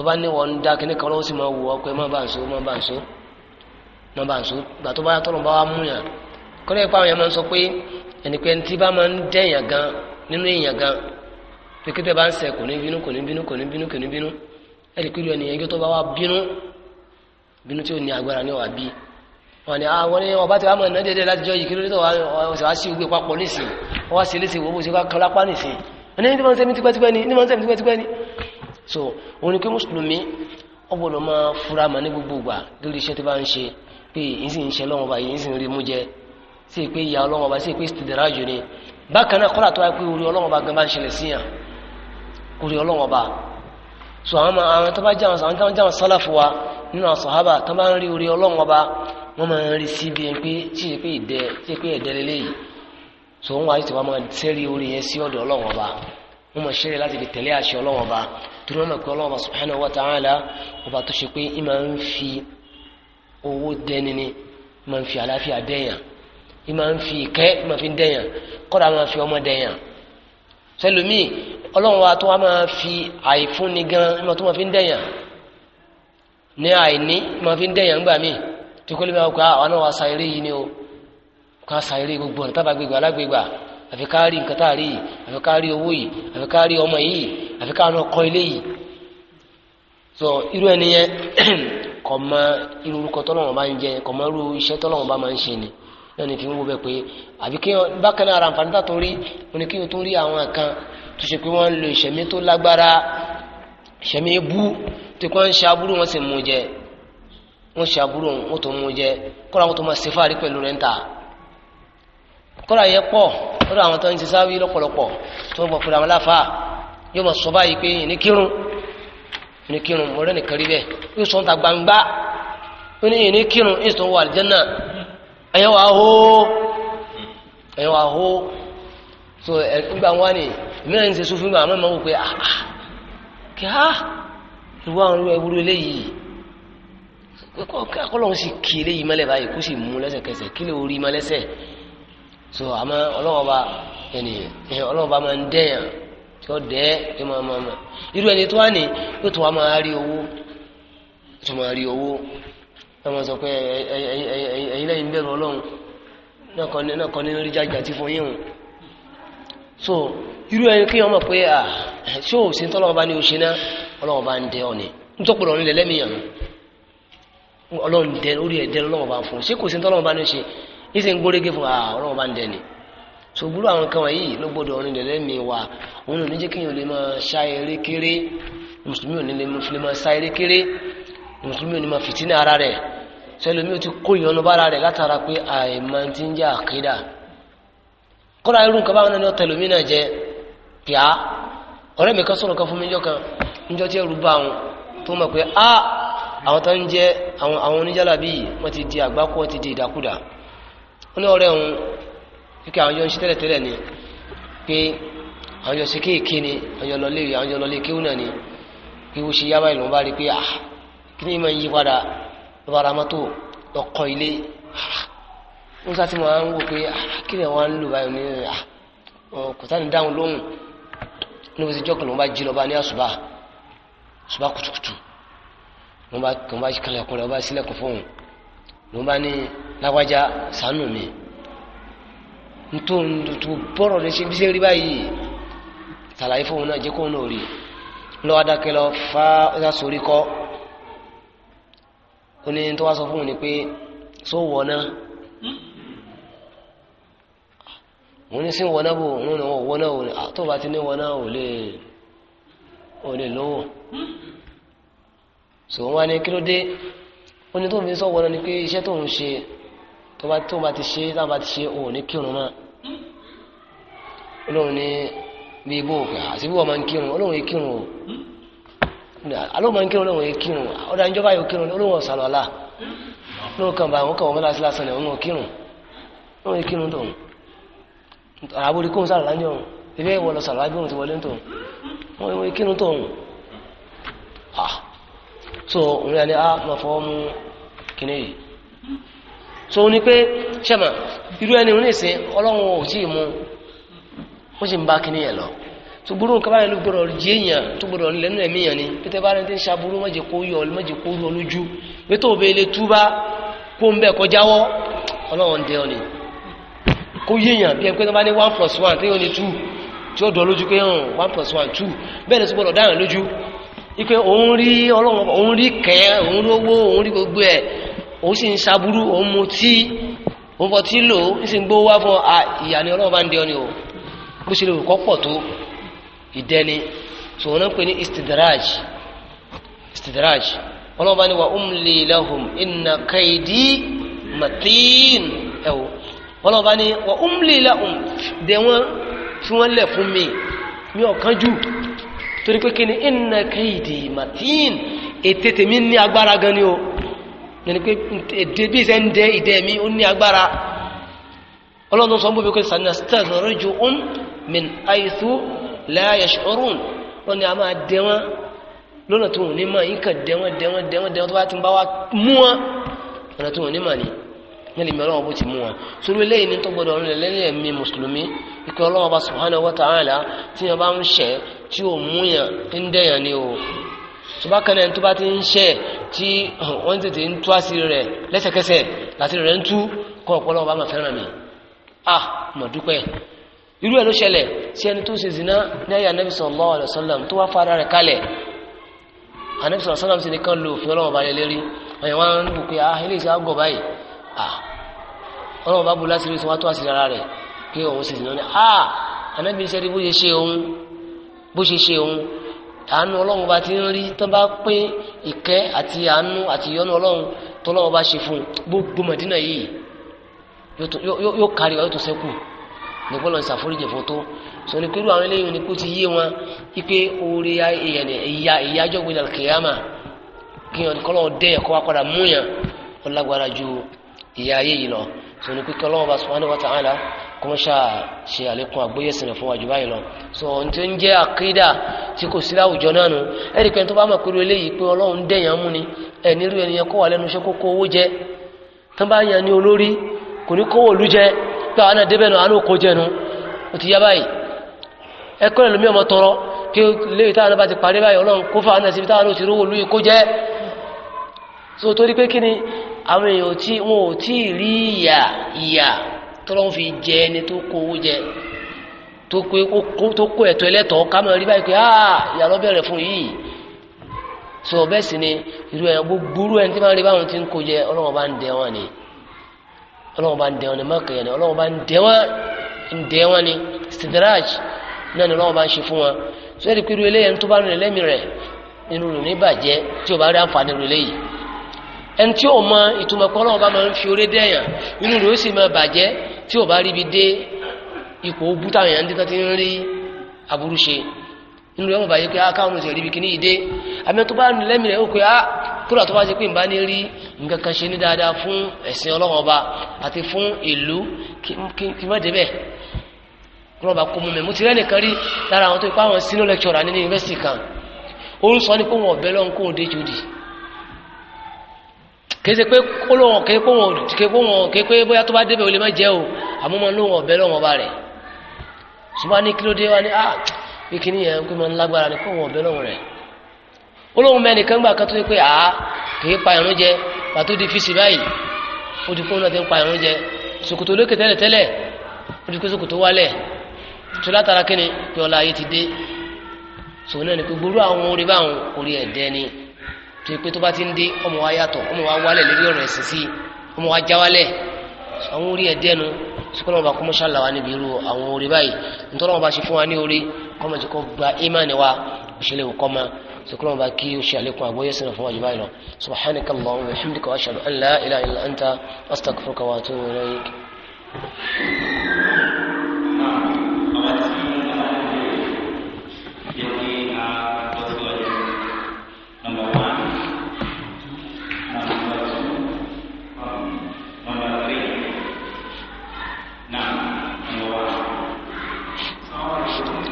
tó bá ní wọn ń dá kíní kan lọ́wọ́ sí máa wù ọ pé má bá ń so má bá ń so má bá ń so gbà tó bá yàtọ̀ lọ́nà bá wà mú yàn kọ́lẹ́ ìpá àwọn ń sọ pé ẹni pé ẹni bá máa ń dẹ́ èèyàn gan nínú èèyàn gan pé kí bá ń sẹ̀ kò ní bínú kò ní bínú kò ní bínú kò ní bínú ẹni pé ìlú ẹnìyẹn tó bá wà bínú bínú tí ó ní agbára ní wà ah, bí wọn ni àwọn ní ọba tí wàá mọ̀ ní dédé láti jọ yìí kí ló dé tó wàá sí ìwé papọ̀ nísìnyí wọ́n wá sí ilé ìsìn wọ́n ni ní wọ́n ni so òun ni kí mùsùlùmí ó gbọ́dọ̀ máa fura mà ní gbogbo ìgbà lórí iṣẹ́ tó bá ń ṣe pé yìí sì ń ṣe lọ́wọ́ báyìí yìí sì ń rí mú jẹ sí pé ìyá ọlọ́wọ́ bá sí pé ìsìtìdára jù ni bákan náà kọ́lá tó wáyé pé orí ọlọ́wọ́ bá gan bá ń ṣẹlẹ̀ sí yàn orí ọlọ́wọ́ bá so àwọn àwọn tó bá jáwọn àwọn tó bá jáwọn sálàfù wa nínú àwọn sàhábà tó bá ń rí orí ọlọ́wọ́ bá wọ́n máa ń rí sí bí ẹni pé tí ì pé ìdẹ tí pé ẹ̀dẹ́ lélẹ́yìí so wọ́n wáyé tí wọ́n máa tẹ́rí orí yẹn sí ọ̀dọ̀ ọlọ́wọ́ bá wọ́n máa ṣeré láti fi tẹ̀lé àṣẹ ọlọ́wọ́n ọba torí wọ́n máa pe ọlọ́wọ́n ọba subhanahu wa ta'ala ọba tó ṣe pé ẹ máa ń fi owó dẹni ni ẹ máa ń fi àlàáfíà dẹ̀yàn ẹ máa ń fi ìkẹ́ ẹ máa fi dẹ̀yàn kọ́dà máa fi ọmọ dẹ̀yàn sẹlómìí ọlọ́wọ́n wa tó wá máa fi àìfúnni gan ẹ máa tó máa fi dẹ̀yàn ní àìní ẹ fi dẹ̀yàn ńgbà míì tí kò lè máa kọ́ ah, àwọn náà wá sa eré yìí ni o kọ́ sa eré gbogbo ọ̀nà tábàgbégbà alágbégbà àfi ká rí nǹkan tá a rí yìí àfi ká rí owó yìí àfi ká rí ọmọ yìí àfi ká lọ kọ́ ilé yìí so irú ẹni yẹn kò mọ irú orúkọ tọ́lọ́wọ́n bá ń jẹ kò mọ irú iṣẹ́ tọ́lọ́wọ́n bá máa ń ṣe ni náà ní fi ń wo bẹ́ẹ̀ pé àbí kí bákan náà ara nǹkan tó rí mo ní kí o tó rí àwọn kan tó ṣe pé wọ́n ń lo ìṣẹ̀mí tó lágbára ìṣẹ̀mí bú tí wọ́n ń ṣe aburú wọn sì mú jẹ wọ́n ṣe aburú wọn tó mú jẹ kọ́ra wọn tó máa ṣe fáàrí pẹ̀lú rẹ̀ ń ta kọ́ra yẹ pọ̀ lọ́dọ̀ àwọn tó ń ti sáwí lọ́pọ̀lọpọ̀ tó ń gbọ́ pẹ̀lú àwọn aláfa yóò mọ̀ sọ báyìí pé ìní kírun ìní kírun mo rẹ́ nìkan rí bẹ́ẹ̀ yóò sọ ta gbangba ó ní ìní yóò sọ wọ àlìjẹ́nà ẹ̀yàn wà hó ẹ̀yàn wà hó so nígbà wọn ni ìmíràn ń ṣe sùn fún mi àmọ́ ìmọ̀ wò pé ah, ah kí á ah, ìwọ àwọn ewúro eléyìí kọ́lọ́hún sì kí eléyìí mọ́lẹ̀ báyìí kó sì mú lẹ́sẹ̀kẹsẹ̀ kí lè orí mọ́lẹ́sẹ̀ so àmọ́ ọlọ́wọ́ bá ẹnìyẹn ọlọ́wọ́ bá máa ń dẹ́yàn tí ó dẹ́ ẹ máa máa máa irú ẹni tó wà ní yóò tó wá máa rí owó tó máa rí owó ẹ máa sọ pé ẹ̀yin lẹ́yìn bẹ̀rù ọlọ́run náà kọ́ ní rí jájà tí fún yín o so irú ẹni kí wọ́n mọ̀ pé à ṣé ò sí tọ́lọ́wọ́ bá ní o ṣe náà ọlọ́wọ́ bá ń dẹ́ ọ ni nítorí ọ̀run lẹ́lẹ́mìyàn ọlọ́run dẹ́ orí ẹ̀ dẹ́ ọlọ́wọ́ bá fún ṣé kò sí tọ́lọ́wọ́ bá ní o ṣe yìí sì ń gbórígé fún ah, ọlọ́run bá ń dẹni ṣògbúrú àwọn kan wọ̀nyí ló gbọ́dọ̀ orin dẹ̀lẹ́ mi wa òun ò ní jẹ́ kéèyàn lè máa ṣá eré kéré mùsùlùmí ò ní lè máa ṣá eré kéré mùsùlùmí ò ní máa fìtínà ara rẹ̀ sẹlẹ̀mí ò ti kó ìyọnu bára rẹ̀ látara pé ti ń jẹ́ àkídà kọ́ra irú nǹkan báwọn náà ni ọ̀tẹ̀ lómi náà ah, kan sọ̀rọ̀ di àgbákò wọ́n di ó ní ọ̀rẹ́ òun kíkẹ́ àwọn jọ ń ṣe tẹ́lẹ̀ tẹ́lẹ̀ ni pé àwọn jọ ṣe kéèké ni àwọn jọ lọlé àwọn jọ lọlé kéwù náà ni pé ó ṣe yába ìlú bá rí pé ah kí ni máa yí padà ló bá mọ́tò lọ́kọ̀ ilé ó ah, sá ti máa ń wò pé ah, kí ni wọ́n á ń lò báyìí ní ah kò sáà ní dáhùn lóhùn ní bó ti jọ́ kìlọ̀ ń bá jí lọ́ba ní àṣùbà àṣùbà kùtùkùtù ló bá kìlẹ̀kùn rẹ̀ lágbájá sànù mi nítorí tó bọ́rọ̀ lè ṣe bí ṣe yi báyìí sàlàyé fóun náà jẹ́ kóun náà rí lọ́wọ́ adákẹ́ lọ fá ọ́sà sórí kọ́ ó ní tó wá sọ fóun ni pé só wọ̀ náà wọ́n ní sí wọ́n náà bò wọ́n ní wọ́n náà ò ti ní wọ́n náà ò lè ò lè so wọ́n wá ní kí ló dé ó ní fi sọ wọ́n náà ni pé iṣẹ́ tóun ṣe tó bá tó bá ti ṣe tá bá ti ṣe o ní kírun mọ́ olóhùn ní bí ibò àti bí wọ́n máa ń kírun olóhùn yìí kírun o alóhùn máa ń kírun olóhùn yìí kírun ọ̀dà ìjọba yìí kírun olóhùn ọ̀sàlọ́ àlà olóhùn kan bá àwọn kan wọ́n mẹ́ta sí lásán ni òun ò kírun olóhùn yìí kírun tòun àbórí kóhùn sàrọ̀ láńjọ́ ilé ìwọ̀ lọ sàrọ̀ lágbóhùn ti wọlé tòun wọ́n ìwọ̀ ìkírun tòun ah so òun rẹ̀ ni a ah, máa fọwọ́ mú kíní yìí so ní pé ṣẹ́mà irú ẹni òun nìsín ọlọ́run ò tí ì mú ó sì ń bá kíní yẹn lọ tó gbúrú nǹkan báyìí ló gbọdọ̀ jí èèyàn tó gbọdọ̀ lẹ́nu ẹ̀mí yẹn ni pété bá rẹ̀ ń ṣàbúrú mọ̀jẹ̀ kó yọ mọ̀jẹ̀ kó yọ lójú pé tó bẹ ilé túbá kó ń bẹ̀ kọjáwọ́ ọlọ́run dẹ ọ ni kó yéèyàn bí ẹ pé tó bá ní one plus one tó oni two tí ó dọ̀ lójú pé hàn hmm, one plus one two bẹ́ẹ̀ ni tó gbọdọ̀ dáhùn lójú ipe òun rí ọlọ́run òun rí kẹ́ òun rí owó òun gbogbo ẹ̀ òun sì ń ṣaburú òun mu tí òun fọ tí lò ó sì ń gbówó wá fún ọ ìyá ni ọlọ́run bá ń dẹ ọ ni o bó ṣe lè wò kọ́ pọ̀ tó ìdẹni sòwò náà pè ní istidraj istidraj ọlọ́run bá ní wa umli lahum inna kaidi matin ẹ̀wọ̀ ọlọ́run bá ní wa umli lahum dẹ̀ wọ́n tí wọ́n lẹ̀ fún mi mi ò kánjú torí pé kí ni inna kaidi matin ètè tèmi ní agbára gan ni o yẹni pé èdè bí ìṣe ń dẹ ìdẹ mi ó ní agbára ọlọ́run sọ bó fi kó sanastadrijuhum min haythu la yash'urun wọ́n ni a máa dẹ wọ́n lọ́nà tó wọ́n ní mọ̀ yín kàn dẹ wọ́n dẹ wọ́n dẹ wọ́n tó bá ti ń bá wa mú wọn lọ́nà tó wọ́n ní mọ̀ ni wọ́n lè mẹ́rọ̀ wọn bó ti mú wọn sórí eléyìí ní tó gbọdọ̀ rìn lẹ́yìn ẹ̀mí mùsùlùmí ikú ọlọ́run bá subhanahu wa ta'ala tí wọ́n bá ń ṣẹ̀ tí ò mú yàn ń dẹ̀yàn ni o tó bá kan ẹni tó bá ti ń ṣẹ̀ tí wọ́n tètè ń tú àṣírí rẹ̀ lẹ́sẹ̀kẹsẹ̀ láti rẹ̀ ń tú kọ́ ọ̀pọ̀lọpọ̀ bá máa fẹ́ràn mi ah mo dúpẹ́ irú ẹ̀ ló ṣẹlẹ̀ sí ẹni tó ṣe zina ní ayé anabi sallallahu tó wá fara rẹ̀ kalẹ̀ anabi sallallahu alaihi wasallam sì nìkan lo òfin ọlọ́wọ́ bá lé lérí ẹ̀yìn wọn ah ilé ìṣe àgọ̀ báyìí ah ọlọ́wọ́ bá bu ah anabi ṣe rí bó ṣe ṣe àánú ọlọ́run bá ti ń rí tó bá pín ìkẹ́ àti àánú àti ìyọ́nú ọlọ́run tó lọ́wọ́ bá ṣe fún gbogbo mọ̀dínà yìí yóò kárí wa yóò tó sẹ́kù nípa lọ́n ṣàforíjì fún tó sọ ni pẹ̀lú àwọn eléyìí ni kó ti yé wọn wípé oore ìyá ìyájọ́ gbé lọ kìyàmà kí wọn dẹ́ ẹ̀kọ́ wa padà múyàn ó ju ìyá ayé yìí lọ so ní pípẹ́ ọlọ́wọ́ bá subhanahu wa ta'ala kó mọ́ ṣáà ṣe àlékún àgbóyèsìn fún wájú báyìí lọ so ohun tó ń jẹ́ àkídà tí kò sí láwùjọ náà nù ẹ̀rí pé tó bá mọ̀ pé eléyìí pé ọlọ́run dẹ̀yàn mú ni ẹ̀ nírú ẹniyẹn kó wà lẹ́nu iṣẹ́ kó kó owó jẹ tó bá yan ní olórí kò ní kówó òlú jẹ pé àwọn àdébẹ̀ nù àánú kó jẹnu ó ti yá báyìí ẹ ẹ̀lómi ọmọ tọrọ kí léyìí táwọn bá ti parí báyìí ọlọ́run kó fà so torí pé ni àwọn èèyàn tí wọn ò tí ì rí ìyà ìyà tọ́lọ́ fi jẹ ẹni tó kó owó jẹ tó kó ẹ̀tọ́ ẹlẹ́tọ̀ọ́ ká máa rí báyìí pé áà ìyàlọ́ bẹ̀rẹ̀ fún yìí sọ bẹ́ẹ̀ sì ni irú ẹ̀yàn gbogbo irú ẹni tí máa rí báwọn tí ń kó jẹ ọlọ́wọ́n bá ń dẹ wọn ni ọlọ́wọ́n bá ń dẹ wọn ni mọ́kànlá ni ọlọ́wọ́n bá ń dẹ wọn ń dẹ wọn ni sidraj náà ni ọlọ́wọ́n bá ń ṣe fún wọn sọ ẹni tí ó mọ ìtumọ̀ pé ọlọ́run bá máa ń fi oore dẹ́yàn inú rẹ̀ ó sì máa bàjẹ́ tí ò bá rí ibi dé ipò ogun táwọn èèyàn ń dẹ́tọ́ ti ń rí aburú ṣe inú rẹ̀ wọ́n bàjẹ́ pé akáwọn ah, oṣù rí ibi kìíní ìdé àmì tó bá ń lẹ́mì rẹ̀ ó pé á kúrò tó bá ṣe pé ń bá ní rí nǹkan kan ṣe ní dáadáa fún ẹ̀sìn ọlọ́run ọba àti fún ìlú kí má débẹ̀ kúrò bá kó mú mi mo ti rẹ́nìkan rí lára àwọn tó ipá àwọn sínú lẹ́kṣọ̀rà nínú yunifásitì kan ó ń sọ ní pé wọn ọ̀bẹ lọ́nkóhùn dé jòdì kése pé kólóhùn kékóhùn kékóhùn kékó bóyá tó bá débẹ̀ olè má jẹ́ o àmúmọ́ lóhùn ọ̀bẹ lọ́wọ́ ọba rẹ̀ ṣùgbọ́n ní kí ló dé wá ní ah pé kí ni yẹn kó máa ń lágbára ní kóhùn ọ̀bẹ lọ́wọ́ rẹ̀ olóhùn mẹ́rin kan kan tó yẹ pé ah kìí pa ìrún jẹ pàtó di fisi báyìí ó di kóhùn náà ti ń pa ìrún jẹ ṣòkòtò olókè tẹ́lẹ̀ tẹ́lẹ̀ ó di kó ṣòkòtò wálẹ̀ tó látara kí tó pé tó bá ti ń dé ọmọ wa yàtọ̀ ọmọ wa wálẹ̀ lórí ọ̀rọ̀ ẹ̀sìn sí ọmọ wa já wálẹ̀ àwọn orí ẹ̀dẹ́ nu sukuna ọba kọmọ ṣàlàwà níbi irú àwọn orí báyìí nítorí wọn bá ṣe fún wa ní orí kọmọ ti kọ gba imáni wa òṣèlè òkọ ma sukuna ọba kí o ṣe àlékún àgbóyè sínú fún wa báyìí lọ subhanaka wa bihamdika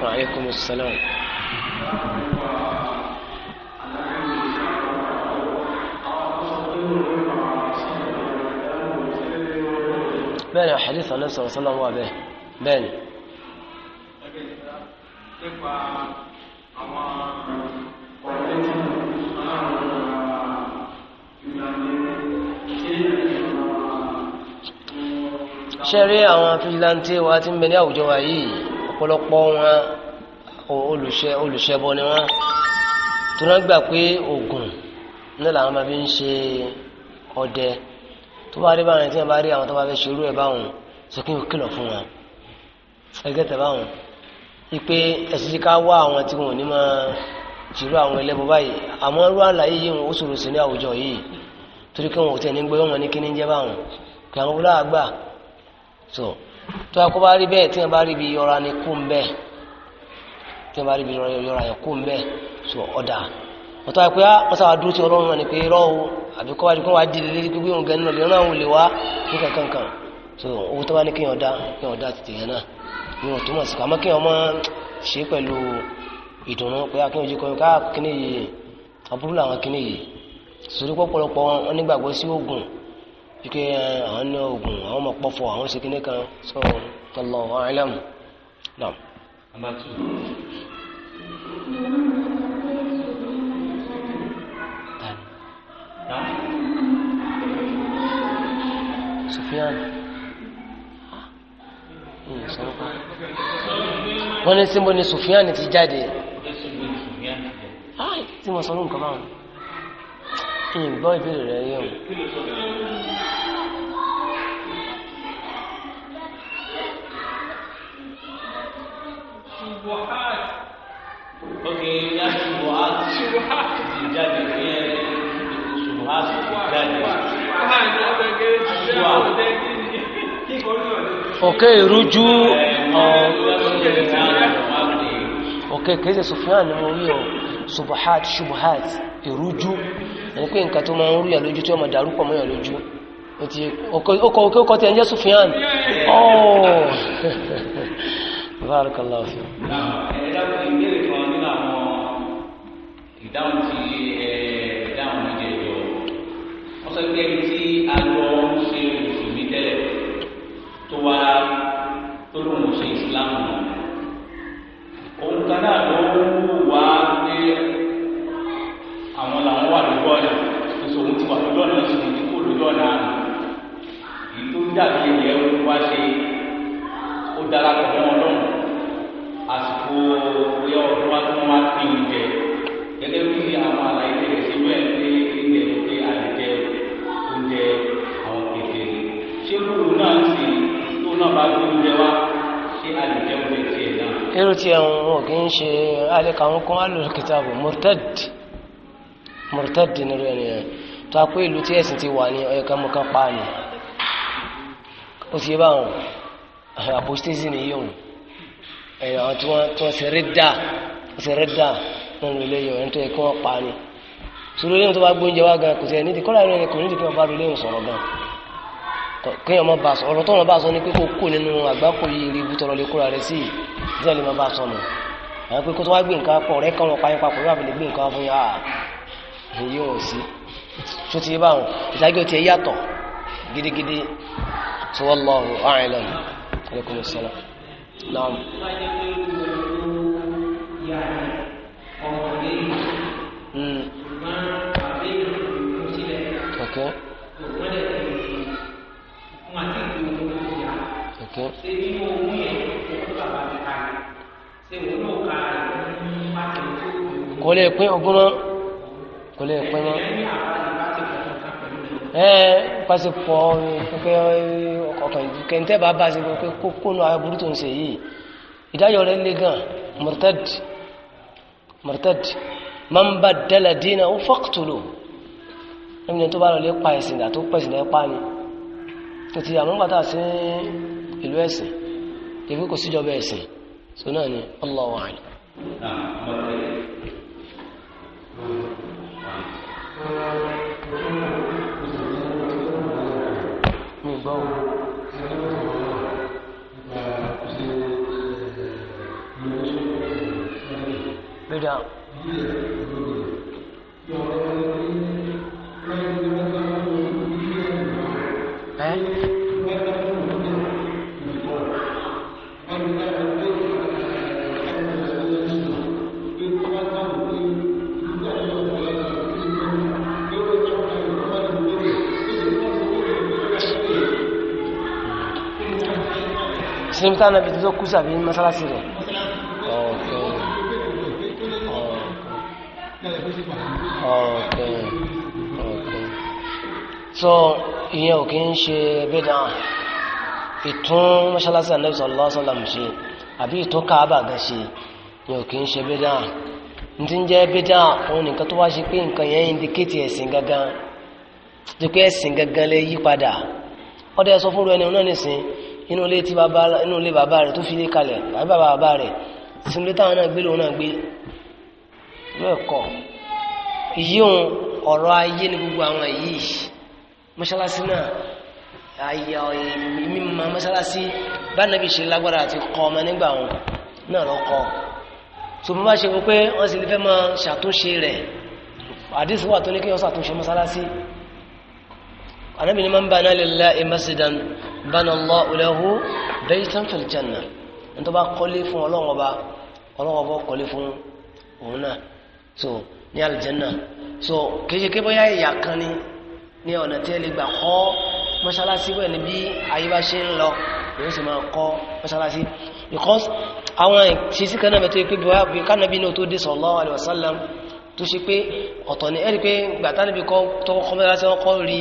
وعليكم السلام bẹ́ẹ̀ni àhàdìsà náà sọ̀rọ̀ sọ́lọ́ wà bẹ́ẹ̀ bẹ́ẹ̀ni. ṣe rí àwọn fíjìláńtì wa ti ń bẹ ní àwùjọ wa yìí ọ̀pọ̀lọpọ̀ wọn olùṣẹ́ olùṣẹ́bọ ni wọ́n tó náà gbà pé oògùn náà làwọn máa fi ń ṣe ọdẹ tó bá rí báwọn ẹni tí wọ́n bá rí àwọn tó bá fẹ́ ṣerú ẹ̀ báwọn sọ kí n kìlọ̀ fún wọn ẹgbẹ́ tẹ̀ báwọn ipe ẹ̀sìn ti ká wá àwọn tí wọn ò ní máa ṣerú àwọn ẹlẹ́bọ báyìí àmọ́ irú àlàyé yìí wọn ó ṣòro sí ní àwùjọ yìí torí kí wọn ò tẹ̀ ní gbé wọn ní kíní jẹ́ báwọn kí àwọn wúlò àgbà so tó akó bá rí bẹ́ẹ̀ tí wọ́n bá rí ibi yọra ni kú ń bẹ́ẹ̀ tí wọ́n bá rí ibi yọra yẹn kú ń bẹ́ẹ̀ so ọ̀dà ah, wọ́n tó wá pé wọ́n sábà dúró tí ọlọ́run náà ni pé rọ́ àbí kọ́ wá di kó wá di lélẹ́rí pé wíwọ̀n gẹ́nu lè rán àwọn olè wá ní kankankan so owó tó bá ní kéèyàn dá kéèyàn dá tètè yẹn náà ni wọ́n túmọ̀ sí àmọ́ kéèyàn máa ṣe pẹ̀lú ìdùnnú pé akéèyàn ah, jẹ́ kọ́yìn ká ah, kíní yìí àbúrò làwọn kíní yìí wípé àwọn ní oògùn àwọn ọmọ pọfọ àwọn ṣe kíní kan sọ tọlọ ọ̀hánilẹ́mù náà. Number two. Sufyan hmm, wọ́n ní símbó ni Sufyan ti jáde tí mo sọ lóun kọ́ báwọn ìgbọ́ ìbéèrè rẹ yẹn subuhat, subuhat, jadi dia subuhat, jadi. Oke, rújú Oke, kìí ṣe Sufyan ni mo wí o, subuhat, subuhat, ìrújú ẹni pé nǹkan tó máa ń rú yàn lójú tí wọ́n máa dàrú pọ̀ mọ́ lójú ọkọ̀ oh! tí ẹ ń fi. ìdáhùn òun kan lọ́wọ́ ọ̀nà tuntun òun ti wà lójú ọ̀nà oṣù tí kò lójú ọ̀nà dàbí ẹ̀yẹ òun ṣe ó darapọ̀ mọ́ ọlọ́run àsìkò oyè ọdún wa tó wá pè é jẹ gẹ́gẹ́ bí àwọn àlàyé tẹ̀lé sí wẹ́ẹ̀ pé ilẹ̀ ló pé oúnjẹ àwọn kékeré ṣé kúrò náà ń sè tó náà bá gbé oúnjẹ wá ṣé àlejẹ oúnjẹ tiẹ̀ náà. irú tiẹ̀ wọn kì í ṣe alẹ́ kàwọn kún alùkìtàbù murtad mọ̀tẹ́dì nínú ẹni yẹn tó a pé ìlú tí ẹ̀sìn ti wà ní ọ̀yẹ̀ká mọ̀ká pa ni ó ti yẹ báwọn apostasy ni yóò ẹ̀yọ̀ àwọn tí wọ́n ṣe rédà nínú ilé yọ̀ ẹni tó yẹ kí wọ́n pa ni sórí olóyún tó bá gbóúnjẹ wá gan kò sí ẹni kọ́lá ẹni kò nídìí kí wọ́n bá rí olóyún sọ̀rọ̀ gan kí wọ́n bá sọ ọ̀rọ̀ tó wọ́n bá sọ ni pé kó kó nínú àgbákò yìí rí ibùtọ̀rọ̀ lè kóra rẹ̀ sí i díẹ̀ lè má bá sọ nù àwọn pé kó tó wá gbé nǹkan pọ̀ rẹ́ kọ́ wọn pa yín papọ̀ yóò àbẹ̀lẹ̀ gbé nǹkan fún yín èyí ò sí tó ti bá wọn ìtàgé ya yàtọ̀ gidigidi tí wọ́n lọ ọ̀rùn àìlẹ̀ alaikum salam naam hmm. kò lè pẹ́ mọ́ ẹ́ẹ̀ pásípọ̀ pípẹ́ ọkàn kẹntẹ́ bá bá sí pé kókónú aburú tó ń ṣe yìí ìdájọ́ rẹ̀ lé gan murtad murtad man baddala dinahu faqtulu ẹni tó bá lọ lé pa ẹ̀sìn àti pẹ̀sìn lẹ́ pa ni tó ti sí ìlú ẹ̀sìn ìfẹ́ kò síjọba ẹ̀sìn so náà ni Allahu 目标。队长。ṣe ń tán nàbí tó kú sàbí mọ́sálásí rẹ̀ ọ̀kẹ́ ọ̀kẹ́ so ìyẹn ò kí ń ṣe bídà ìtún mọ́sálásí ànábì sallallahu alaihi wasallam ṣe àbí ìtún káàbà gan ṣe ìyẹn ò kí ń ṣe bídà n ti ń jẹ́ bídà òun nìkan tó wá ṣe pé nǹkan yẹn indikéètì ẹ̀sìn gangan tó pé ẹ̀sìn gangan lè yí padà ọdẹ sọ fún ẹni náà nìsín inú ilé tí bàbá inú ilé bàbá rẹ̀ tó fi lé kalẹ̀ àbí bàbá bàbá rẹ̀ sínú ilé táwọn náà gbé lòun náà gbé bẹ́ẹ̀ kọ́ yíyún ọ̀rọ̀ ayé ní gbogbo àwọn yìí mọ́ṣáláṣí náà àyà mímọ mọ́ṣáláṣí bá nàbí ṣe lágbára àti kọ́ ọmọ nígbà wọn náà lọ kọ́ tó bá ṣe wípé wọ́n sì lè fẹ́ máa ṣàtúnṣe rẹ̀ àdìsí wà tó ní kí wọ́n ṣàtúnṣe mọ́ṣáláṣí anábìnrin máa ń bá náà lè la masjidan banallahu lahu baytan fil janna ẹni tó bá kọ́lé fún ọlọ́wọ́ bá ọlọ́wọ́ bọ́ kọ́lé fún òun náà so ní aljanna so kéṣe ké bóyá ìyá kan ni ní ọ̀nà tí ẹ lè gbà kọ́ mọ́ṣáláṣí wẹ̀ ní bí ayé bá ṣe ń lọ èyí sì máa kọ́ mọ́ṣáláṣí because àwọn ìṣesí kan náà mẹ́tọ́ pé bóyá bí kánàbí náà tó dé sallallahu alaihi wasallam tó ṣe pé ọ̀tọ̀ ni ẹ́ pé gbàtánibí kọ́ tọ́kọ́ mọ́ṣáláṣí wọn kọ́ rí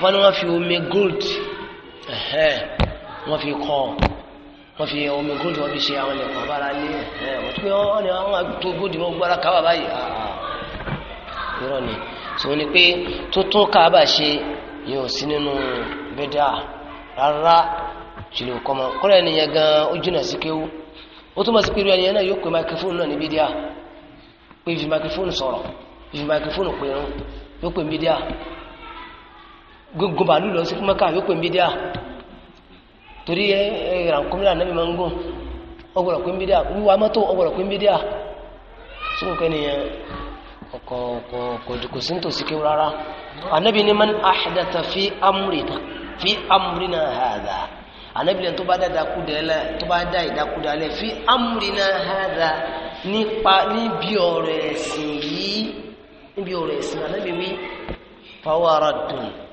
wọ́n ní wọ́n fi omi gold wọ́n fi kọ́ wọ́n fi omi gold wọ́n fi ṣe àwọn ẹ̀kọ́ bára lé wọ́n tún pé wọ́n ní àwọn àgùntàn gold wọ́n gbára káwà báyìí irọ́ ni sọ ni pé tó tún káàbà ṣe yóò sí nínú bẹ́dà rárá jùlọ kọ́mọ kọ́rọ̀ ẹnìyẹn gan ó jìnà sí kéwú ó túnmọ̀ sí pé irú ẹnìyẹn náà yóò pe microphone náà ní bídíà pé fi microphone sọ̀rọ̀ fi microphone pèrún yóò pe bídíà gbogbo bàálù lọ sí mọ́ká yóò pè mí díà torí ẹ ìrànkúnmílà náà máa ń gùn ọgbọ̀rọ̀ pé mí díà wíwá mọ́tò ọgbọ̀rọ̀ pé mí díà sókùnkẹ́ nìyẹn ọkọ̀ ọkọ̀ kò sí nítòsí kéwù rárá anabi ni man ahdatha fi amrina fi amrina hadha anabi ni tó bá dá ìdákúdẹ́lẹ̀ tó fi amrina hadha nípa níbi ọ̀rọ̀ ẹ̀sìn yìí níbi ọ̀rọ̀ ẹ̀sìn anabi wí fáwọn ará dùn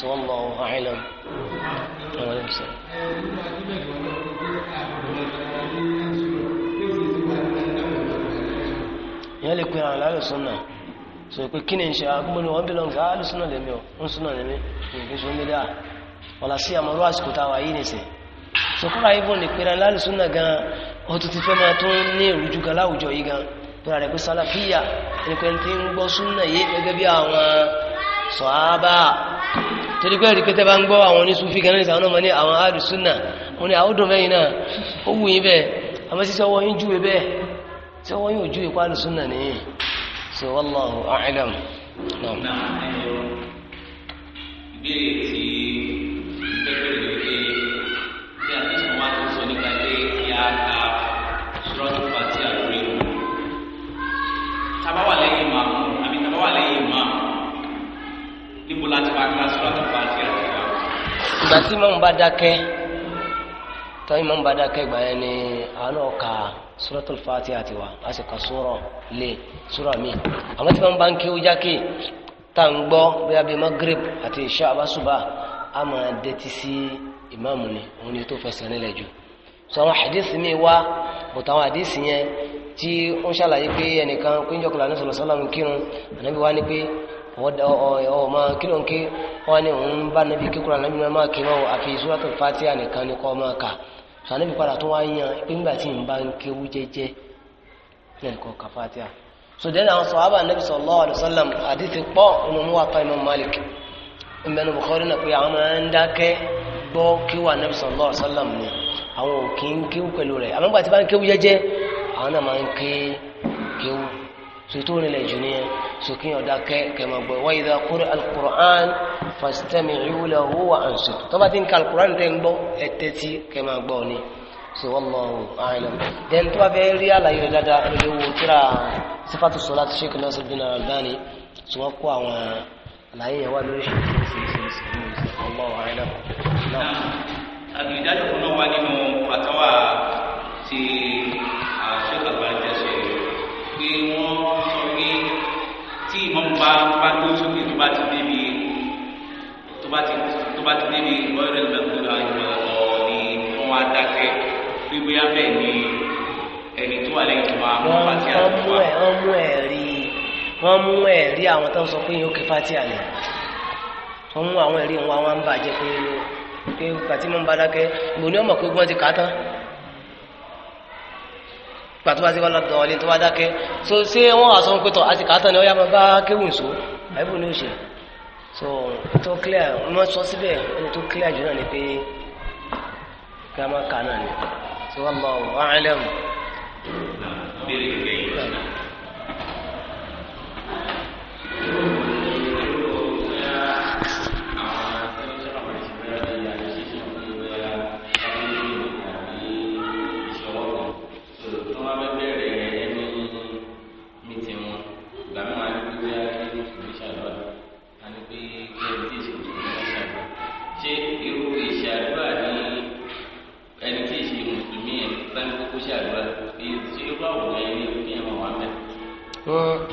sọ wọn lọ àìlẹm ọ̀rọ̀ yẹn sọ. ìyẹn lè pe àwọn aláàlú súnà sọ pé kí ni ìṣe agbóni wọn bílọ̀ nǹkan aláàlú súnà lèmi ò ń súnà lèmi nǹkan sọ ń bílẹ̀ à wọ́n sí àmọ́rú àsìkò táwa yìí nìsín sọ kúrò ayé bọ́ọ̀lù ìpera aláàlú súnà gan-an ó tún ti fẹ́ máa tó ń ní ìrújú gan láwùjọ yìí gan-an pẹ̀lú àrẹ̀kú sálàfíà ẹnikẹ́ni tí ń gbọ́ súnà yìí gẹ́gẹ́ bí àwọn sọ̀hábà torí pé ẹ̀ríkẹ́ tẹ́ ń gbọ́ àwọn oníṣúfí kan àwọn ọmọ ní àwọn àdùsúnà wọn ni àwọ́dùn mẹ́yìn náà ó wù yín bẹ́ẹ̀ àmọ́ sí sọ́wọ́ yín júwe bẹ́ẹ̀ sọ́wọ́ yín ò júwe pa àdùsúnà nìyí so wallahu a'lam náà. níbo láti máa ka sọ́ọ́tù fàtí àti ìgbà. ìgbà tí mọ̀mú bá dákẹ́ tọ́yí mọ̀mú bá dákẹ́ ìgbà yẹn ni àánú ọ̀ka sọ́ọ́tù fàtí àti wa a sì ka sọ́ọ̀rọ̀ lé sọ́ọ̀rọ̀ mi àwọn tí mọ̀mú bá ń ké ó jákè tá ń gbọ́ bí a bí magrib àti ìṣá àbásùbà a máa dẹ́tí sí ìmáàmù ni òun ni tó fẹsẹ̀ ọmọ oh, oh, oh, kílọ̀ kí wọ́n ní òun bá níbi kíkúrà náà mímọ́ máa kílọ̀ àfi suratul fatiha nìkan ní kọ́ máa kà sànẹ́bí padà tó wá yan pé ńgbà tí ń bá ń kéwú jẹ́jẹ́ nìkan kà fatiha so dẹ́nà àwọn sọ̀hábà nàbì sallallahu alaihi wasallam àdìsí pọ̀ inú mú apá inú Malik ìmẹ́nu Bukhari náà pé àwọn máa ń dákẹ́ gbọ́ kéwú pẹ̀lú rẹ̀ àmọ́gbà tí bá ń kéwú jẹ́jẹ́ àwọn náà máa ń ké kéwú sòtò nílẹ̀ jù ní yẹn sòkè ọ̀dà kẹ kẹmọ gbọ́ wa idha quri'a al-Qur'an fastami'u lahu wa ansitu tọ́ba ti ń ka al-Qur'an rẹ̀ ń gbọ́ ẹ tẹ́tí kẹmọ gbọ́ ni so wallahu a'lam dẹ́n tó bá fẹ́ rí àlàyé rẹ̀ dáadáa lórí owó tíra sifatu salati Sheikh Nasiruddin Al-Albani tí wọ́n kó àwọn àlàyé yẹn wá lórí ṣèṣ bá tó bá tó sókè tó bá ti débi tó bá ti tó bá ti débi ọ̀rẹ́ ìgbàgbọ́dọ̀ àyùmọ̀ ọ̀ọ́ni wọn wá dákẹ́ gbígbé abẹ́ ni ẹni tó wà lẹ́yìn tó wà mú pàtí àlùfà. wọ́n mú ẹ̀rí wọ́n mú ẹ̀rí àwọn tó ń sọ pé yóò ké pàtí àlẹ́ wọ́n mú àwọn ẹ̀rí wọn wá ń bàjẹ́ pé pé pàtí mọ́ ń bá dákẹ́ ìbò ni wọ́n pé wọ́n ti kà á tán gbà tó bá sí wọ́lá dọ̀ọ̀lé tó bá dákẹ́ so ṣé wọ́n wà sọ pé tọ̀ àti kàátà ni ó yá máa bá kéwùn so àìbò ní òṣè so tó clear wọ́n sọ síbẹ̀ ẹni tó clear jù náà ni pé kí a máa kà náà ni so wallahu a'lam.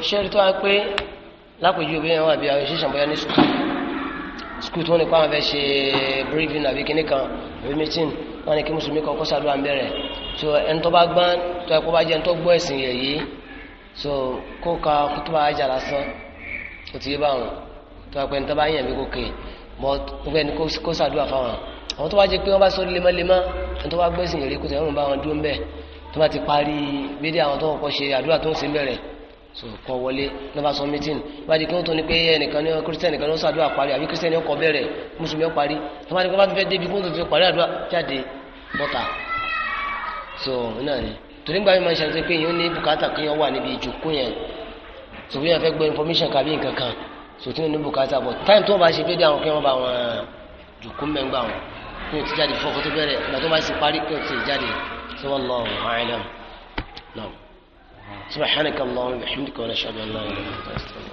iṣẹ́ rí tó wá pé lápèjú obìnrin wọn àbí àwọn ìṣẹ̀ṣẹ̀ bóyá ní skul skul tó ní kó fẹ́ ṣe briefing àbí kíní kan àbí meeting wọn ni kí mùsùlùmí kan kó sàdúrà ń bẹ̀rẹ̀ so ẹni tó bá gbọ́n tó ẹ̀kọ́ bá jẹ́ ẹni tó gbọ́ ẹ̀sìn yẹ̀ yìí so kó ka kútúbà ajá lásán kò tí ì bá wọn tó wá pé ẹni tó bá yàn mí kó ké but gbogbo ẹni kó sàdúrà fáwọn àwọn tó bá jẹ́ pé wọ́n bá sọ lemọ́lemọ́ ẹni tó bá gbẹ́sìn yẹ̀ so kọ wọlé lọba sọ mítìn bá di kí wọn tó ní pé ẹnìkan ní kírísítẹ́nì kan ní ó sàdúrà parí àbí kírísítẹ́nì ọkọ̀ bẹ̀rẹ̀ mùsùlùmí ọkọ̀ parí tó bá di kí wọn bá fẹ́ débi kí wọn tó fi parí àdúrà jáde bọ́tà so náà ni torí gbàgbé máa ń ṣàtúnṣe pé yìí ó ní bùkátà kí wọn wà níbi ìjòkó yẹn so bí wọn fẹ́ gbọ́ information kàbí nǹkan kan so tí wọn ní bùkátà bọ̀ táìmù tó wọn bá ṣe fẹ́ dé àwọn kí wọn bá wọn jòkó mẹ́ngbà wọn kí wọn ti jáde fọ́kọ́ tó bẹ̀rẹ̀ ìgbà tó bá ṣe parí kí wọn ti jáde so wallahu a'lam سبحانك اللهم وبحمدك ونشهد ان لا اله الا انت استغفرك